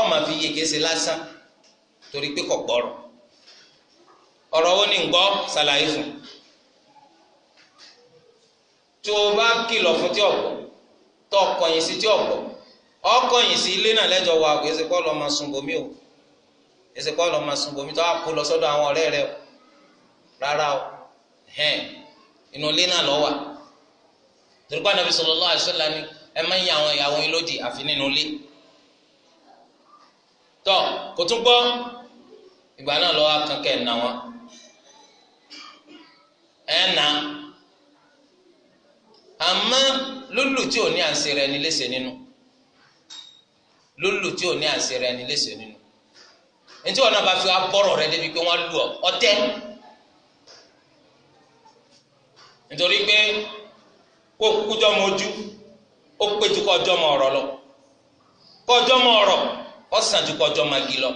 ọmọ fi yege ṣe lásán torí pé kò gbọ́rọ̀ ọ̀rọ̀ wo ni ń gbọ́ ṣàlàyé fún tó o bá kìlọ̀ fún tí ọ̀pọ̀ tó ọkọ̀ yìí sí tí ọ̀pọ̀ Ọkọ sí ilé náà lẹjọ wà kò èsì pọlọ máa o èsì pọlọ máa sun a lọ àwọn o rárá o hẹn inú ilé náà lọ wà torí pàdé ni ẹ máa ń àwọn ìyàwó yín lódì àfi tọ kò tún ìgbà náà wọn àmọ́ lúlù tí ò ní ló tí ò ní àṣírí ẹni léṣe nínú ntí wọn náà bá fi rẹ débi pé wọ́n ọ ọtẹ́ nítorí pé kó ojú ó pé ju mọ lọ mọ ọ̀rọ̀ ó sàn ju mọ agi lọ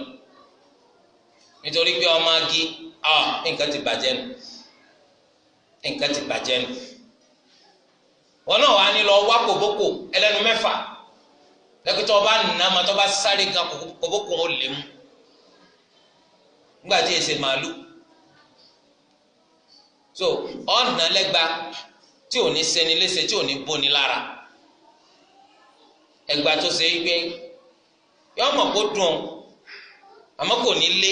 nítorí pé ọ nǹkan ti bàjẹ́ nù lẹ́kìtọ́ ọba nàmà tọ́ba sáré gan kòbókùn ó lè mú nígbà tí èsè màálù so ọ̀nà lẹ́gba tí ò ní sẹni léṣe tí ò ní bóni lára ẹgba tó ṣe é gbé yọọ ọmọ kó dùn kò ní lé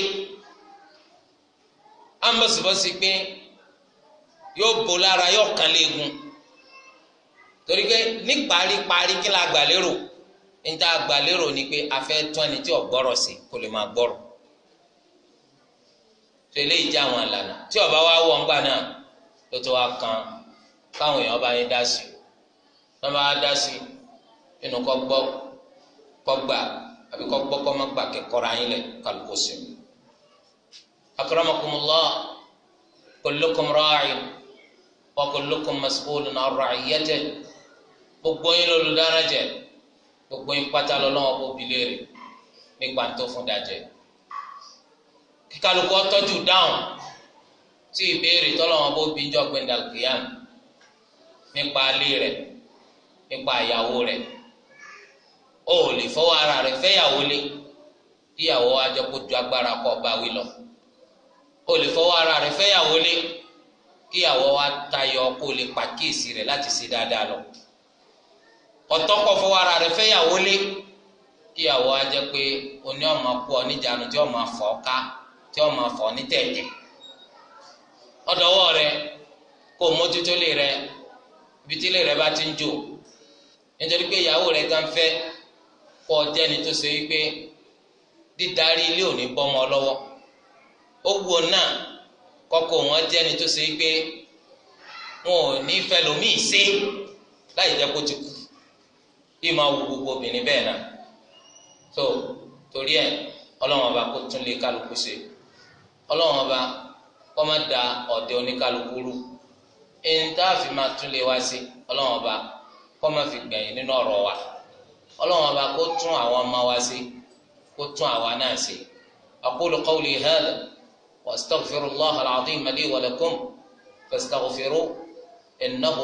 ambọ̀sibọ́sí pé yóò bò lára yóò léegun torí pé ní kí la níta àgbàlérò ni pé a fẹ́ tún ẹni tí ò gbọ́rọ̀ sí kó lè máa gbọ́rọ̀ tó eléyìí jẹ́ àwọn àlànà tí ọba wa wọ̀ ńgbà náà ló tó wá kan káwọn èèyàn bá yín dá sí i wọ́n bá dá sí i nínú kọ́ gbọ́ kọ́ gbà àbí kọ́ gbọ́ kọ́ má gbà kẹ́kọ́ra yín lẹ̀ kálukú sí i. akramakumullah kullukum ra'in wa kullukum mas'ulun 'an ra'iyyatihi gbogbo yín lọ́lùdárà jẹ́ gbogbo yín pátá lọ́lọ́wọ́ bó bilé rè nípa tó fún dajẹ́ kíkálukú ọtọ́jú dáhùn tí ìbéèrè tọ́lọ́wọ́ bó bí jọ gbẹndàgbéyàn nípa alé rẹ̀ nípa ìyàwó rẹ̀ o ò lè fọwọ́ ara rẹ̀ fẹ́yàwó lé kíyàwó ajọ kó ju agbára kọ ọba wí lọ o lè fọwọ́ ara rẹ̀ fẹ́yàwó lé kíyàwó wa tayọ kó lè pàkíyèsí rẹ̀ láti ṣe dáadáa lọ. ọtọkọ fọwọ́ ara rẹ̀ fẹ́yàwó lé kíyàwó á jẹ́ pé oní ọmọ kú ọ níjànú tí ọmọ afọ ká tí ọmọ ọdọwọ rẹ kó mójútó lè rẹ ibi tí lé bá ti ń jò nítorí pé ìyàwó gan tó ṣe wípé dídarí ilé òní bọmọ ó náà kọkọ wọn tó ṣe wípé wọn ò ní fẹ́ láì kó ti kú kí máa wo gbogbo obìnrin bẹ́ẹ̀ náà tó torí ẹ̀ ọlọ́wọ́n ọba kó tún lé kálukú ṣe ọlọ́wọ́n ọba kó má da ọ̀dẹ̀ oníkálukú rú ẹni tá a fi máa tún lé wá sí ọlọ́wọ́n ọba kó má fi gbẹ̀yìn nínú ọ̀rọ̀ wa ọlọ́wọ́n ọba kó tún àwọn ọmọ wa sí kó tún àwa náà sí aqulu qawli hadha wa astaghfirullaha al-azim li wa lakum fastaghfiruhu innahu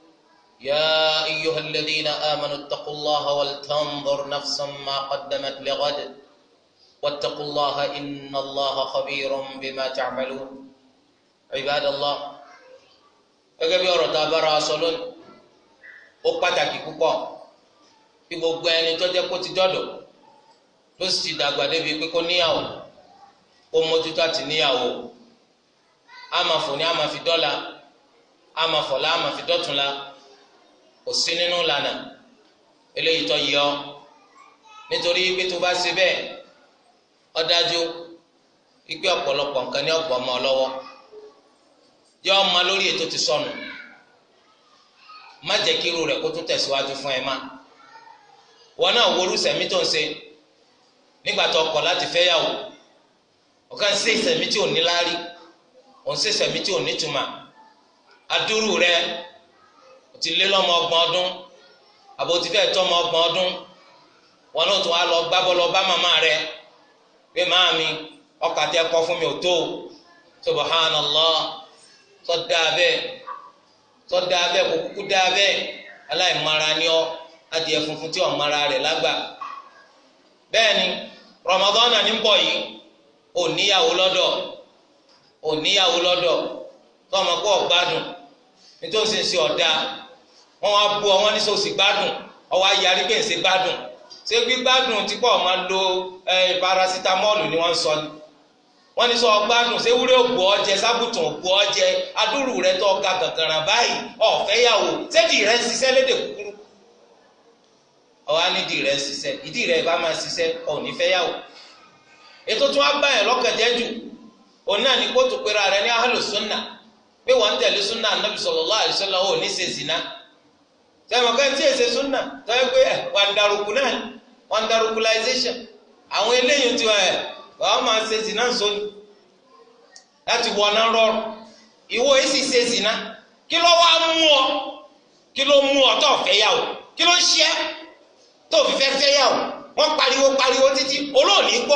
يا أيها الذين آمنوا اتقوا الله ولتنظر نفسا ما قدمت لغد واتقوا الله إن الله خبير بما تعملون عباد الله gẹ́gẹ́ bí ọ̀rọ̀ tá a bára sọ lónìí ó pàtàkì púpọ̀ bí gbogbo ẹni tó jẹ́ kó ti dọ́dọ̀ ló sì ti dàgbà débi pé kó níyàwó kó mójútó àti níyàwó àmàfò ni àmàfi dọ́là àmàfọ̀lá àmàfi dọ́túnla. kò nínú lànà eléyìí tó yọ nítorí pé tó bá ṣe bẹ́ẹ̀ ó dájú ikpe ọ̀pọ̀lọpọ̀ nǹkan ní ọgbọ ọmọ lọ́wọ́ yọ ọmọ lórí ètò ti sọnù má jẹ́ kí rẹ̀ kó tún tẹ̀síwájú fún ẹ má wọn náà worú sẹmí tó ń ṣe nígbà tó kọ̀ láti fẹ́yàwó ọkàn ṣe sẹmí tí ò ní láárí òun ṣe sẹmí tí ò ní adúrú rẹ̀ o ti lé lọ́mọ ọgbọ̀n ọdún àbò ti fẹ́ tọ́mọ ọgbọ̀n ọdún wọn náà tún wá lọ rẹ pé màá mi ọkà kọ fún mi ò tó sọ sọdá abẹ sọdá abẹ kò kúkú dá abẹ aláìmara ni ọ adìẹ funfun tí wọn mara rẹ lágbà rọmọdọ́nà ní bọ̀ yìí ò níyàwó lọ́dọ̀ ò níyàwó lọ́dọ̀ tọmọ kó ọgbádùn wọn wá bu ọ wọn ní sọsì gbádùn ọwọ ayarí pé ń ṣe gbádùn ṣé gbígbádùn tí pọ máa lo ni sọ ni wọn ní sọ gbádùn ṣé wúrẹ́ ògbó ọjẹ sábùtàn ògbó ọjẹ adúrú rẹ tó ga gàngàràn báyìí ọ̀fẹ́yàwó ṣéèdì rẹ ń lédè kúkúrú rẹ ń ìdí rẹ bá máa ètò tí bá yẹn jù òun náà ní pera rẹ ní pé sẹ́wọ̀n kan tí èsè súnà tó yẹ pé wàǹdàrúkú náà wàǹdàrúkúláìsẹ́sẹ̀ àwọn eléyìí tiwa ẹ̀ wàá máa ṣe zina sóni láti wọ̀nà rọrùn ìwọ èsì ṣe kí ló wá mú ọ kí ló mú ọ tó fẹ́ yà kí ló ṣe tó fẹ́ fẹ́ yà o wọ́n pariwo pariwo títí olóòní gbà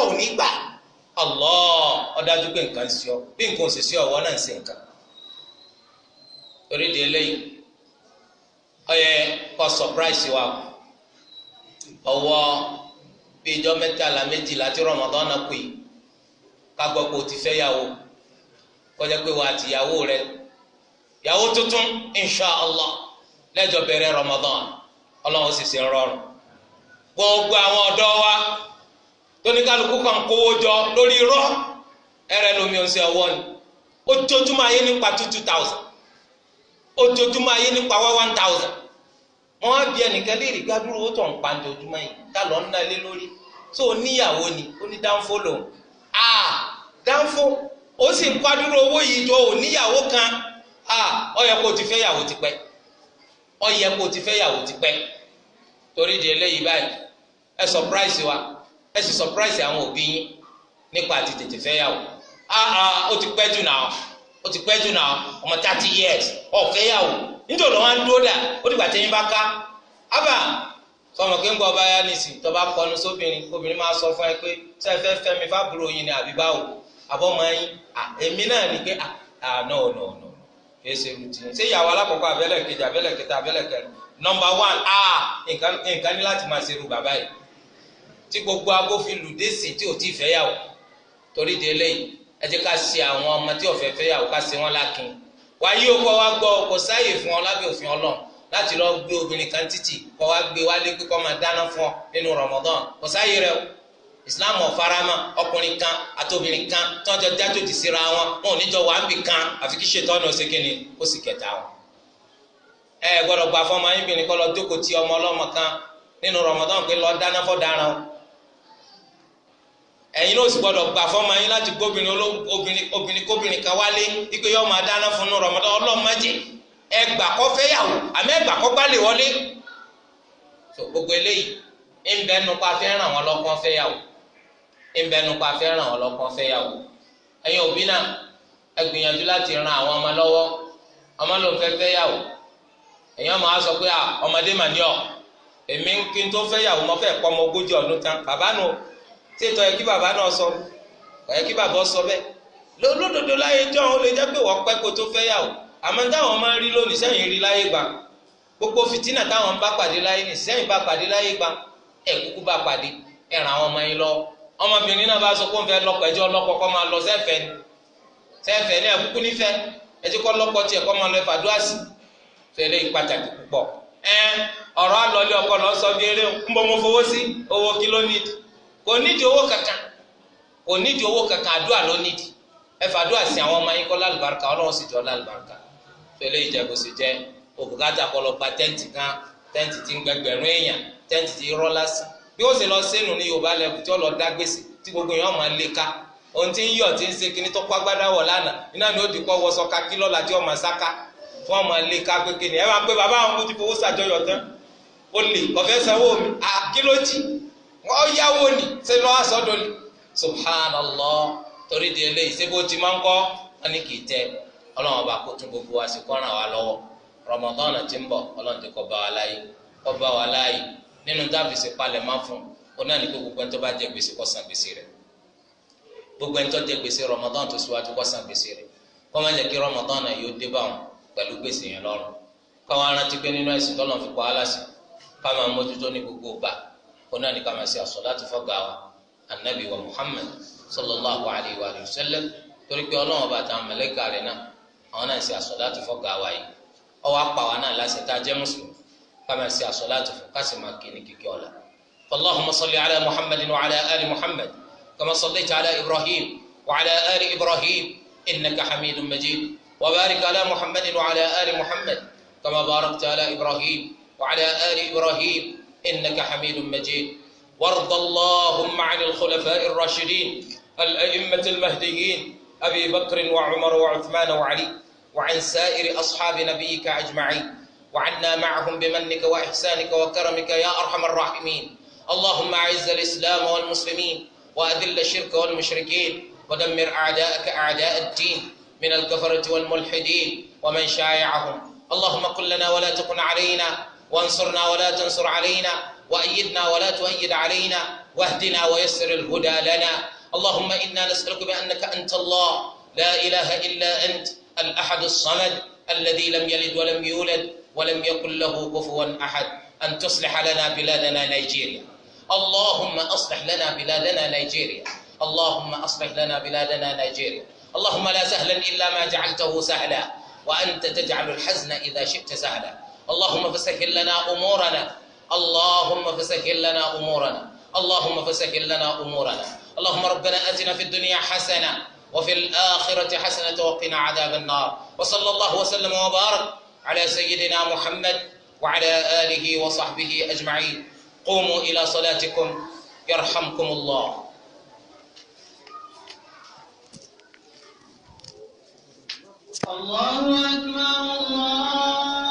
pé nǹkan ṣe ọ bí nǹkan ṣe náà ṣe nǹkan di eléyìí. ọyẹ kọ sọpráìsì wa ọwọ bíjọ mẹ́tàlá méjìlá tí Ramadan na pè ti fẹ́ yàwó kọjá pé wà á ti yàwó rẹ yàwó tuntun insha allah lẹjọ bẹ̀rẹ̀ Ramadan Ọlọ́run sì gbogbo àwọn ọ̀dọ́ wa tóníkàlùkù kan jọ lórí ẹrẹ ni two two thousand ojoojúmọ́ ayé nípa wá one thousand á bí ẹnìkan léèrè gbádùrú owó tó ń pa ojoojúmọ́ yìí tá lọ́ ń nalé lórí tó níyàwó ni ó ní dánfó lòun à dánfó ó sì ń kwádùrú owó yìí tó níyàwó kan à ó kó ti fẹ́ yàwó tipẹ́ ó yẹ kó ti fẹ́ yàwó tipẹ́ torí di eléyìí báyìí ẹ sọpráìsì wa ẹ sì sọpráìsì àwọn òbí yín nípa àti tètè fẹ́ yàwó ó ti ó ti pẹ́ jù náà ọmọ thirty years ọ̀fẹ́ yàwó nítorí dúró dà ó tẹ́yìn bá ká ábà sọmọ kí n gbọ́ báyà nìsí tó bá kọnu sóbìnrin obìnrin máa sọ fún ẹ pé ṣé ẹ fẹ́ fẹ́ mi fábùrò yín ni àbí báwo èmi náà pé nọ ṣe ṣé ìyàwó alákọ̀ọ́kọ́ abẹ́lẹ̀ kejì abẹ́lẹ̀ kẹta abẹ́lẹ̀ kẹrin nọmba one a nǹkan ní láti máa ṣe bàbá yìí tí gbogbo agbófinlù dé tí ò tí ì ẹ jẹ́ ká ṣe àwọn ọmọ tí ọ̀fẹ́ fẹ́ yàwó ká ṣe wọ́n lákin wáyé o kọ́ wá gbọ́ kò sáàyè fún ọ lábẹ́ òfin ọlọ́run láti lọ gbé obìnrin kan títì kọ́ wá gbé wálé pé kọ́ máa dáná fún ọ nínú Ramadan kò sáàyè rẹ o Islam ọ̀farama ọkùnrin kan àti obìnrin kan tọ́jọ́ dájò ti síra wọn wọn ò níjọ wàá bì kan àfi kí ṣètọ́ ọ̀nà òsèkéni ó sì kẹta wọn. ẹ gbọ́dọ̀ gbà fọmọ ayébìnrin kọ́ lọ dókòtì ọmọ ọlọ́mọ kan nínú Ramadan pé lọ dáná fọ́ dáná o ẹ̀yin náà sì gbọ́dọ̀ gbà fọ́mọ yín láti gbóbìnrin obìnrin kóbìnrin kan wálé ipe yóò máa dáná fún un rọmọdé ọlọ́mọdé ẹgbà kọ́ fẹ́yàwó àmì ẹgbà kọ́ gbálẹ̀ wọlé tó gbogbo eléyìí ń nupa fẹ́ ràn wọ́n lọ́kàn fẹ́yàwó ń nupa fẹ́ ràn wọ́n òbí tí ètò yẹ kí bàbá náà sọ kọ́ yẹ bàbá sọ bẹ́ẹ̀ lódodo láyé jọ ó lè jẹ́ pé wọ́n pẹ́ kó tó fẹ́ yà o àmọ́ táwọn máa ń rí lónìí sẹ́yìn rí láyé gbà gbogbo fìtínà táwọn ń bá pàdé láyé nì sẹ́yìn bá pàdé láyé gbà ẹ̀ kúkú bá pàdé ẹ̀ ràn àwọn ọmọ yín lọ ọmọbìnrin náà bá sọ kò nídìí owó kankan kò nídìí owó kankan àdúrà ló ẹ sí àwọn ọmọ yín kọ́ lálùbáríkà ọlọ́run sì jọ lálùbáríkà fẹlẹ́ jẹ́ òbúkátà kọ́ lọ gba tẹ́ǹtì kan tẹ́ǹtì tí ń gbẹgbẹ̀rún èèyàn tẹ́ǹtì tí rọ́ bí ó sì lọ sínú ní yorùbá lẹ́kùn tí ó lọ dá gbèsè tí gbogbo ohun tí ń ń kíní tó lánàá iná ni ó di wọ́n yáwó ni ṣe lọ́wọ́ sọ́dọ̀ ni subhanallah torí di eléyìí ṣé bó ti máa ń kọ́ wọ́n ní kì í tẹ́ ọlọ́run ọba kó tún gbogbo wa sí kó lọ́wọ́ rọmọdọ́nà ti ń bọ̀ ọlọ́run ti kọ́ bá wa kọ́ bá wa nínú palẹ̀ máa fún un san gbèsè rẹ̀ gbogbo ẹni tó jẹ gbèsè rọmọdọ́nà tó síwájú san gbèsè rẹ̀ kí rọmọdọ́nà yóò dé onáà ní ká máa ṣe àsàlátù fọ́gà wa anabi wa muhammed sallallahu alayhi wa sallam torí pé ọlọ́wọ́n bá ta mẹlẹ́kà rẹ̀ náà àwọn náà ṣe àsàlátù fọ́gà wa yìí ọwọ́ apá wa náà láṣẹ tá a jẹ́ mùsùlùmí ká máa ṣe àsàlátù fún ká sì máa kí ni kíkẹ́ ọ̀la. اللهم صل على محمد وعلى آل محمد كما صليت على إبراهيم وعلى آل إبراهيم إنك حميد مجيد وبارك على محمد وعلى آل محمد كما باركت على إبراهيم وعلى آل إبراهيم إنك حميد مجيد وارض اللهم عن الخلفاء الراشدين الأئمة المهديين أبي بكر وعمر وعثمان وعلي وعن سائر أصحاب نبيك أجمعين وعنا معهم بمنك وإحسانك وكرمك يا أرحم الراحمين اللهم أعز الإسلام والمسلمين وأذل الشرك والمشركين ودمر أعداءك أعداء الدين من الكفرة والملحدين ومن شايعهم اللهم قل لنا ولا تكن علينا وانصرنا ولا تنصر علينا وأيدنا ولا تؤيد علينا واهدنا ويسر الهدى لنا اللهم إنا نسألك بأنك أنت الله لا إله إلا أنت الأحد الصمد الذي لم يلد ولم يولد ولم يكن له كفوا أحد أن تصلح لنا بلادنا نيجيريا اللهم أصلح لنا بلادنا نيجيريا اللهم أصلح لنا بلادنا نيجيريا اللهم لا سهلا إلا ما جعلته سهلا وأنت تجعل الحزن إذا شئت سهلا اللهم فسهل لنا امورنا اللهم فسهل لنا امورنا اللهم فسهل لنا امورنا اللهم ربنا اتنا في الدنيا حسنه وفي الاخره حسنه وقنا عذاب النار وصلى الله وسلم وبارك على سيدنا محمد وعلى اله وصحبه اجمعين قوموا الى صلاتكم يرحمكم الله الله أكبر الله